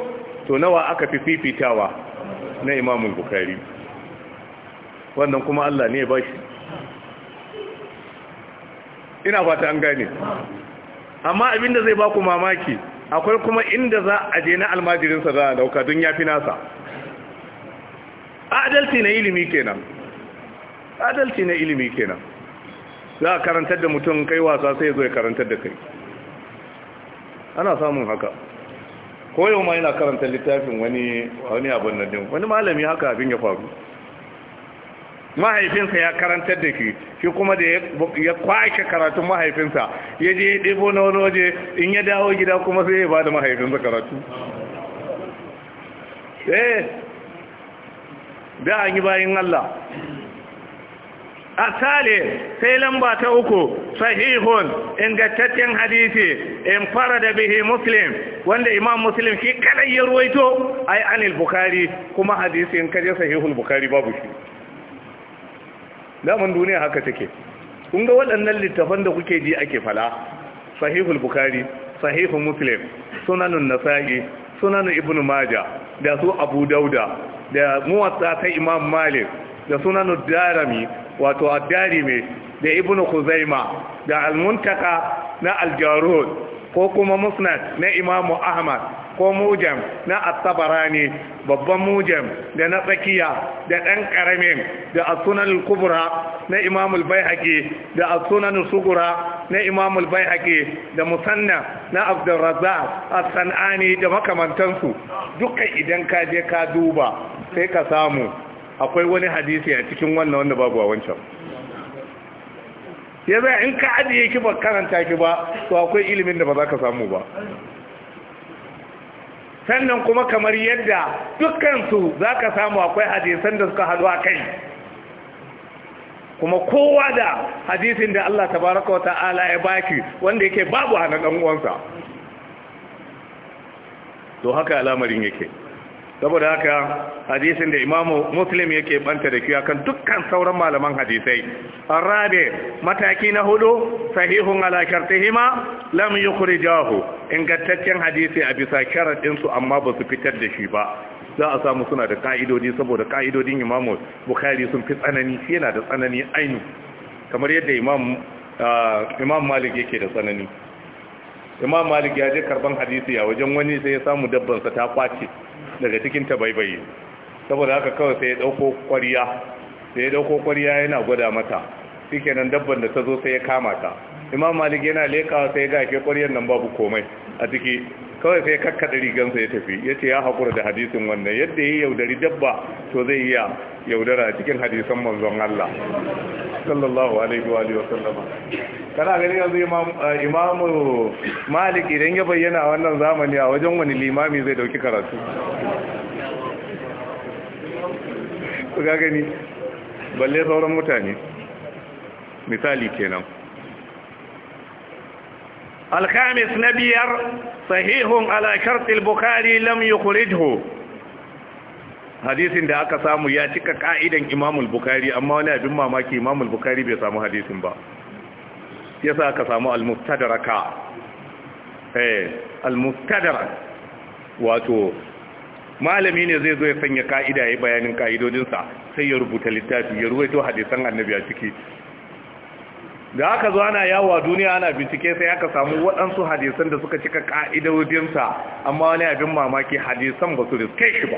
to nawa aka fi fifitawa na imamul bukari wannan kuma Allah ne ba shi ina fata an gane amma abinda zai ba ku mamaki akwai kuma inda za a je na almajirinsa za a dauka don ya fi nasa adalci na ilimi kenan adalci na ilimi kenan za a karantar da mutum kai wasa sai zo ya karantar da kai ana samun haka yau ma yana karantar littafin wani wani abin nan din wani malami haka abin ya faru mahaifinsa ya karantar da ke shi kuma da ya kwashe karatun mahaifinsa ya je ya ɗebo na wani waje in ya dawo gida kuma sai ya ba da mahaifinsa karatu eh da an yi bayan Allah asali sai lamba ta uku sahihun ingantaccen hadisi in fara da bihi muslim wanda imam muslim shi kadai ya ruwaito ai anil bukari kuma hadisi in kaje sahihul bukari babu shi daman duniya haka take kun ga waɗannan littafan da kuke ji ake fala sahihul bukari sahihul muslim sunanun nasa'i sunanun ibnu Maja, da su abu dauda da muwatta ta imam malik da sunanun darami wato addarimi da ibnu khuzaima da almuntaka na aljarud ko kuma musnad na imamu ahmad ko mujam na at-tabarani babban mujam da na tsakiya da dan karamin da as-sunan al-kubra na imamu al-baihaqi da as-sunan al-sughra na imamu al-baihaqi da musanna na abdurrazzaq as-sanani da makamantansu duka idan ka je ka duba sai ka samu akwai wani hadisi a cikin wannan wanda babu a wancan ya zai in ka ajiye ki ba karanta ki ba to akwai ilimin da ba za ka samu ba sannan kuma kamar yadda dukkansu za ka samu akwai hadisan da suka haɗu a kai kuma kowa da hadisin da Allah tabaraka wa ta'ala ya baki wanda yake babu hannun ɗan uwansa to haka alamarin yake saboda haka hadisin da imamu muslim yake banta da kiyakan kan dukkan sauran malaman hadisai arabe mataki na hudu sahihun ala shartihima lam yukhrijahu ingantaccen hadisi a bisa sharadin su amma ba su fitar da shi ba za a samu suna da ka'idodi saboda ka'idodin imamu bukhari sun fi tsanani shi yana da tsanani ainu kamar yadda imam ah, imam malik yake da tsanani imam malik ya je karban hadisi a wajen wani sai ya samu dabbansa ta kwace daga cikin ta baibayi saboda haka kawai sai ya dauko kwariya sai ya dauko kwariya yana gwada mata shikenan dabban da ta zo sai ya kama ta imam malik yana lekawa sai ga ke ƙwaryar nan babu komai a ciki kawai sai kakkaɗa rigansa ya tafi ya ce ya haƙura da hadisin wannan yadda ya yaudari dabba to zai iya yaudara cikin hadisan manzon Allah sallallahu alaihi wa sallama kana gani yanzu eh, Imam malik idan ya bayyana wannan zamani a wajen wani limami zai dauki karatu ku ga gani balle sauran mutane misali kenan الخامس نبير صحيح على شرط البخاري لم يخرجه hadisin da aka samu ya cika ka'idan al-Bukhari amma wani abin mamaki al-Bukhari bai samu hadisin ba ya sa aka samu al-Mustadraka eh almustadara wato malami ne zai zo ya sanya ka'ida ya bayanin ka'idodinsa sai ya rubuta littafi ya ruwaito hadisan annabi a ciki da aka zo ana yawa duniya ana bincike sai aka samu waɗansu hadisan da suka cika ka'idodinsa, amma wani abin mamaki hadisan ba su riske shi ba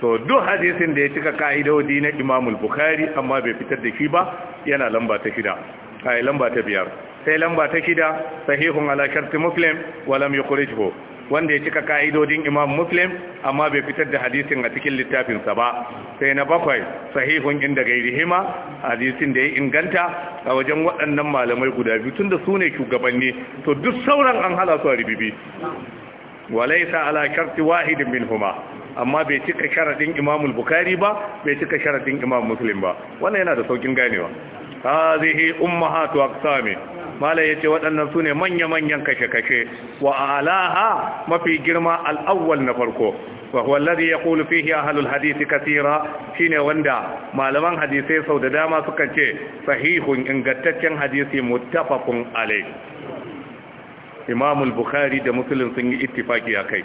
to duk hadisin da ya cika ka'idodi na imamul bukhari amma bai fitar da shi ba yana lamba ta shida Kai lamba ta biyar sai lamba ta shida sahihun ala sharti muslim wa lam yukhrijhu wanda ya cika ka'idodin imam muslim amma bai fitar da hadisin a cikin littafinsa ba sai na bakwai sahihun inda Rihima hadisin da ya inganta a wajen waɗannan malamai guda biyu tun da su ne shugabanni to duk sauran an hala su a ribibi walai ala sharti wahidin min huma amma bai cika sharaɗin imam bukari ba bai cika sharaɗin imam muslim ba wannan yana da saukin ganewa hadhihi ummahatu aqsami mala ya ce waɗannan su ne manya-manyan kashe-kashe wa alaha mafi girma al'awwal na farko wa wallazi ya kulu fihi ahlul hadisi kasira shine wanda malaman hadisai sau da dama suka ce sahihun ingantaccen hadisi muttafaqun alai imamul bukhari da musulun sun yi a kai.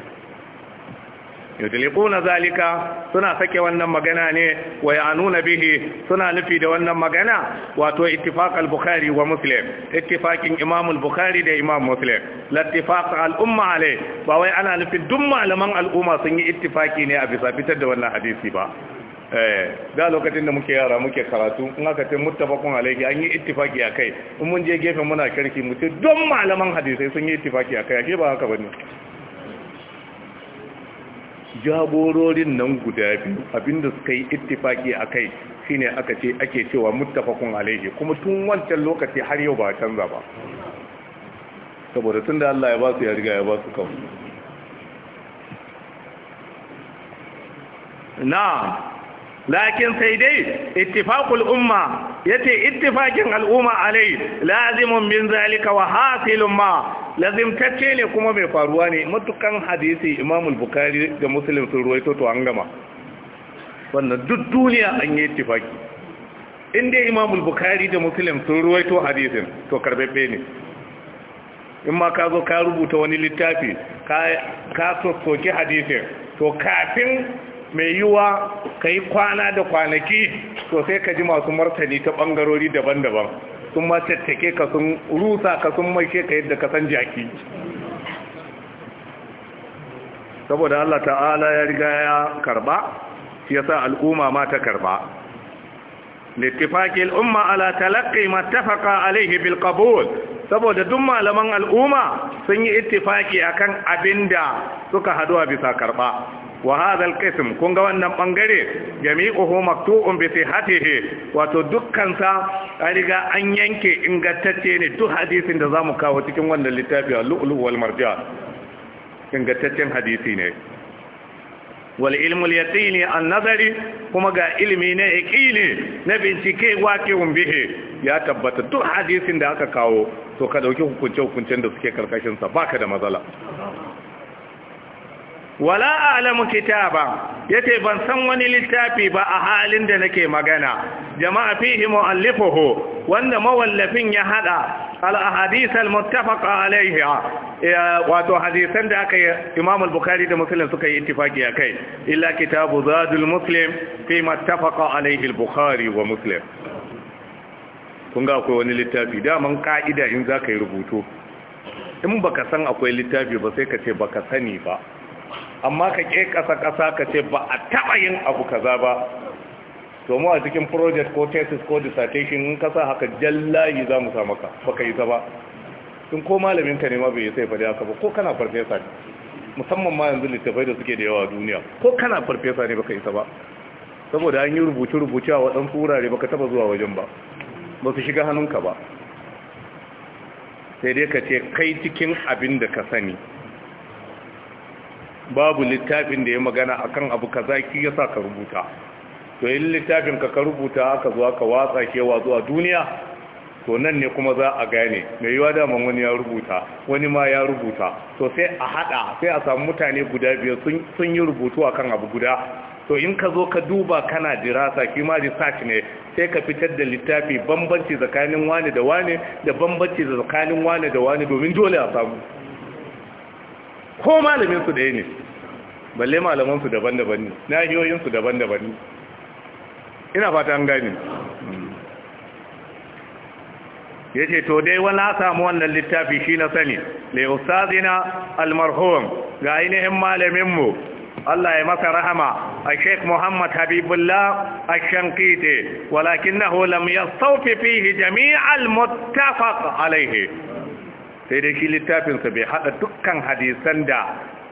yudliquna zalika suna sake wannan magana ne wa ya'nuna bihi suna nufi da wannan magana wato ittifaq al-bukhari wa muslim ittifaqin imam al-bukhari da imam muslim la ittifaq al-umma alai ba wai ana nufin duk malaman al'umma sun yi ittifaki ne a bisa fitar da wannan hadisi ba eh, da lokacin da muke yara muke karatu in aka ce muttafaqun alayhi an yi ittifaki akai in mun je gefen muna karki mu ce don malaman hadisai sun yi ittifaki akai ake ba haka bane jagororin nan guda biyu abinda suka yi ittifaki a kai shine aka ce ake cewa mutafakun alaihi kuma tun wancan lokaci har yau ba canza ba saboda tun da Allah ya ba su ya riga ya ba su kawo. na lakin sai dai ittifaqul umma yace ittifaqin al'umma alai lazimun min zalika wa hasilun ma lazimtacce ne kuma mai faruwa ne matukan hadisi imam al bukhari da muslim sun ruwaito to an gama wannan duk duniya an yi ittifaqi Inda Imam al bukhari da muslim sun ruwaito hadisin to karbebe ne in ma ka zo ka rubuta wani littafi ka ka soke hadisin to kafin mai yiwuwa ka yi kwana da kwanaki to sai ka ji masu martani ta ɓangarori daban-daban sun ma tattake ka sun rusa ka sun maike ka yadda ka san jaki saboda Allah ta'ala ya riga ya karba ya sa al'umma ma ta karba littifaqil umma ala talaqqi ma tafaqa alayhi bil qabul saboda duk malaman al'umma sun yi ittifaki akan abinda suka haduwa bisa karba wa hadha alqism kun ga wannan bangare hu maktu'un bi sihhatihi wato dukkan sa an an yanke ingantacce ne duk hadisin da zamu kawo cikin wannan littafi al-lu'lu wal marjan ingantaccen hadisi ne wal ilmu al-yaqini an-nazari kuma ga ilmi ne yaqini na bincike waqi'un bihi ya tabbata duk hadisin da aka kawo to ka dauki hukunce hukuncen da suke karkashin sa baka da matsala wala alamu kitaba yace ban san wani littafi ba a halin da nake magana jama'a fihi mu'allifuhu wanda mawallafin ya hada al-ahadith al-muttafaq alayha wato hadisan da aka Imam al-Bukhari da Muslim suka yi ittifaki akai illa kitabu Zadul Muslim fi muttafaqa alayhi al-Bukhari wa Muslim kun ga akwai wani littafi daman ka'ida in zaka yi rubutu in baka san akwai littafi ba sai ka ce baka sani ba amma ka ke kasa kasa ka ce ba a taɓa yin abu kaza ba to mu a cikin project ko thesis ko dissertation in kasa haka jallayi za mu sa maka ka yi ta ba in ko malamin ka ne ma bai yi sai fadi haka ba ko kana farfesa ne musamman ma yanzu littafai da suke da yawa duniya ko kana farfesa ne ka yi ta ba saboda an yi rubuce-rubuce a waɗansu wurare ba ka taɓa zuwa wajen ba ba su shiga hannunka ba sai dai ka ce kai cikin abin da ka sani babu littafin da ya magana akan abu ka za ki sa ka rubuta to in littafin ka ka rubuta aka zo ka watsa kewa zuwa duniya to nan ne kuma za a gane mai yiwa daman wani ya rubuta wani ma ya rubuta to sai a haɗa sai a samu mutane guda biyar sun yi rubutu a kan abu guda to in ka zo ka duba kana dirasa ma research ne sai ka fitar da littafi bambanci tsakanin wani da wani da bambanci tsakanin wani da wani domin dole a samu ko malaminsu su ɗaya ne balle malaman daban-daban ne nahiyoyin su daban-daban ne ina fata an gani. ya ce to dai wani samu wannan littafi shi na sani da ustazina almarhum ga ainihin malaminmu Allah ya masa rahama a sheik Muhammad Habibullah a shankite walakin na lam ya saufi fihi jami'al muttafaq alaihe sai dai shi littafinsa bai hada dukkan hadisan da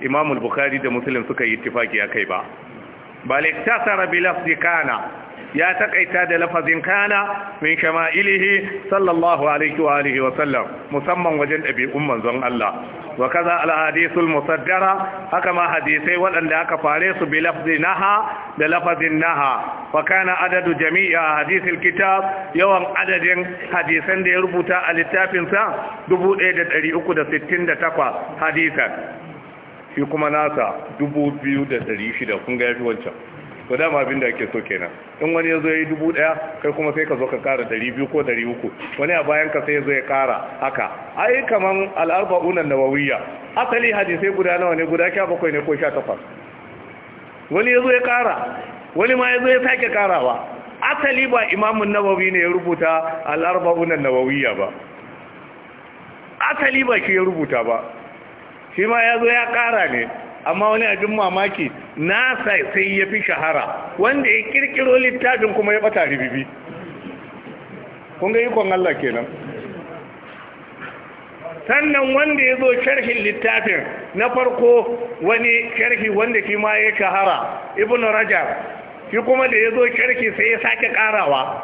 imamul bukhari da muslim suka yi a kai ba bal iktasara bi lafzi kana ya takaita da lafazin kana min shama'ilihi sallallahu alaihi wa alihi wa sallam musamman wajen ɗabi'un manzon Allah wa kaza al musaddara haka ma hadisai waɗanda aka fare su bi lafzi naha da lafazin naha wa kana adadu jami'i hadithil kitab yawan adadin hadisan da ya rubuta a littafin sa 1368 hadisan shi kuma nasa 2600 kun ga yafi wancan to dama abin da ake so kenan in wani ya zo ya yi dubu ɗaya kai kuma sai ka zo ka kara ɗari biyu ko ɗari uku wani a bayan ka sai yazo ya kara haka ai kaman an nawawiyya asali hadisai guda nawa ne guda sha bakwai ne ko sha takwas wani ya zo ya kara wani ma ya zo ya sake karawa asali ba imamun nawawi ne ya rubuta an nawawiyya ba asali ba shi ya rubuta ba shi ma ya zo ya kara ne amma wani abin mamaki na sai ya fi shahara wanda ya kirkiro littafin kuma ya bata ribibi kun ga ikon Allah kenan sannan wanda ya zo sharhin littafin na farko wani sharhi wanda shi ma ya shahara ibn rajab shi kuma da ya zo sharhi sai ya sake karawa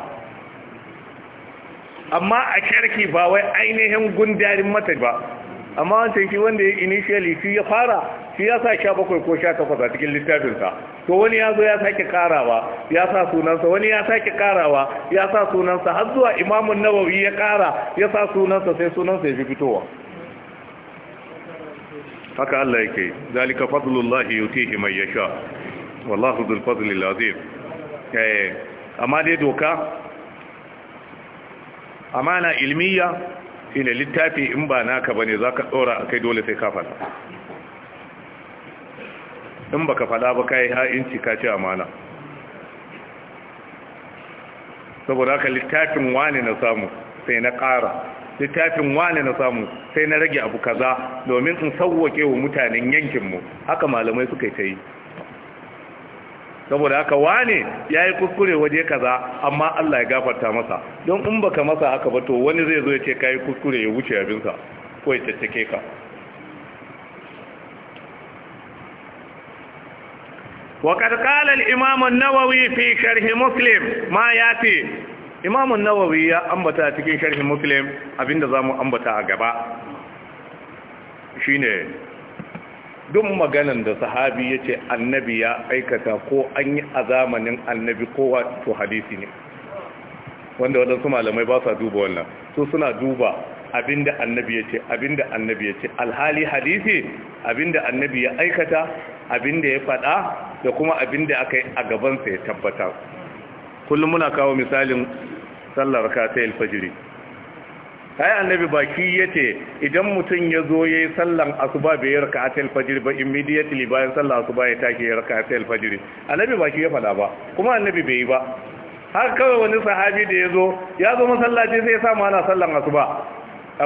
amma a sharhi ba wai ainihin gundarin mata ba amma wancan shi wanda ya initially shi ya fara shi ya sa sha bakwai ko sha takwas a cikin littafinsa to wani ya zo ya sake karawa ya sa sunansa wani ya sake karawa ya sa sunansa har zuwa imamun nawawi ya kara ya sa sunansa sai sunansa ya fi fitowa haka Allah yake zalika fadlullahi yutihi man yasha wallahu dhul fadli azim eh amma dai doka amana ilmiya ina littafi in ba naka bane zaka dora kai dole sai ka in ba ka fada ba ka yi ha'inci ka ce amana saboda haka littafin wane na samu sai na ƙara littafin wane na samu sai na rage abu kaza domin in sauwake wa mutanen yankinmu haka malamai suka ta yi saboda haka wane ya yi kuskure waje kaza amma Allah ya gafarta masa don in baka masa haka ba to wani zai zo ya ce ka yi kuskure ya wuce abinsa ko ya tattake ka وقد قال الإمام النووي في شرح مسلم ما ياتي إمام النووي أنبتا تكين شرح مسلم أبين دزامو أنبتا أقبا شيني duk maganan da sahabi ya ce annabi ya aikata ko an yi a zamanin annabi kowa to hadisi ne wanda waɗansu malamai ba sa duba wannan su suna duba abinda annabi ya ce abinda annabi ya ce alhali hadisi abinda annabi ya aikata abinda ya faɗa da kuma abin da aka yi a gabansa ya tabbatar kullum muna kawo misalin sallar ka ta alfajiri ai annabi baki yace idan mutum ya zo yayi sallan asuba bai yi raka'a ta ba immediately bayan sallar asuba ya take yi raka'a ta annabi baki ya fada ba kuma annabi bai yi ba har kawai wani sahabi da ya zo ya zo masallaci sai ya samu ana sallan asuba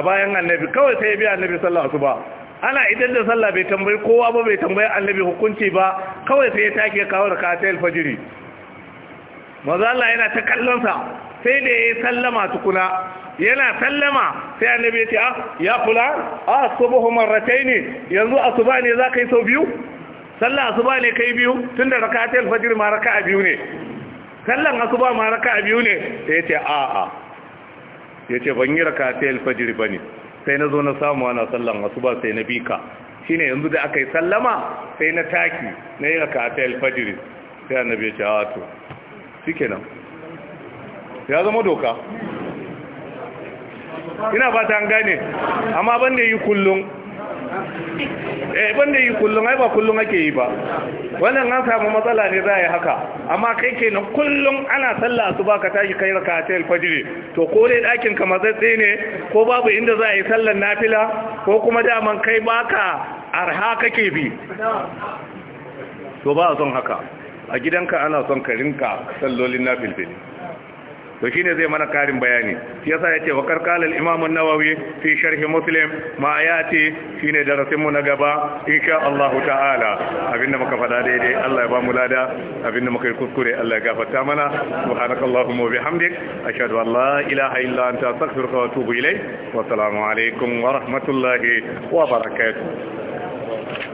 a bayan annabi kawai sai ya bi annabi sallar asuba ana idan da sallah bai tambayi kowa ba bai tambayi annabi hukunci ba kawai sai ya take kawo da kata alfajiri maza Allah yana ta kallonsa sai da ya sallama tukuna yana sallama sai annabi ya ce ah ya kula ah subuhu marrataini yanzu asuba ne za ka sau biyu sallah asuba ne kai biyu tunda rakata alfajiri ma raka'a biyu ne sallan asuba ma raka'a biyu ne sai ya ce a'a a yace ban yi rakata alfajiri ba ne sai na zo na samu ana sallan ba sai na bika shine yanzu da aka yi sallama sai na taki na yi raka ta alfajiri sai nabi ya ce a ah, to nan, ya zama doka ina ba ta gane amma ban da yi kullum eh banda yi kullum ai ba kullum ake yi ba wannan an samu matsala ne za a yi haka amma kai kenan kullum ana sallah su baka tashi kai raka ta alfajiri to ko dai ɗakin ka matsatse ne ko babu inda za a yi sallar nafila ko kuma daman kai baka arha kake bi to ba a son haka a gidanka ana son ka rinka sallolin nafilfili to shine zai mana karin bayani shi yasa yace wa karqal al imam an-nawawi fi sharh muslim ma ayati shine darasin mu na gaba insha Allah ta'ala abinda muka fada daidai Allah ya ba mu lada abinda muka yi kuskure Allah ya gafarta mana subhanakallahumma wa bihamdik ashhadu an la ilaha illa anta astaghfiruka wa atubu ilayk wa assalamu alaikum wa rahmatullahi wa barakatuh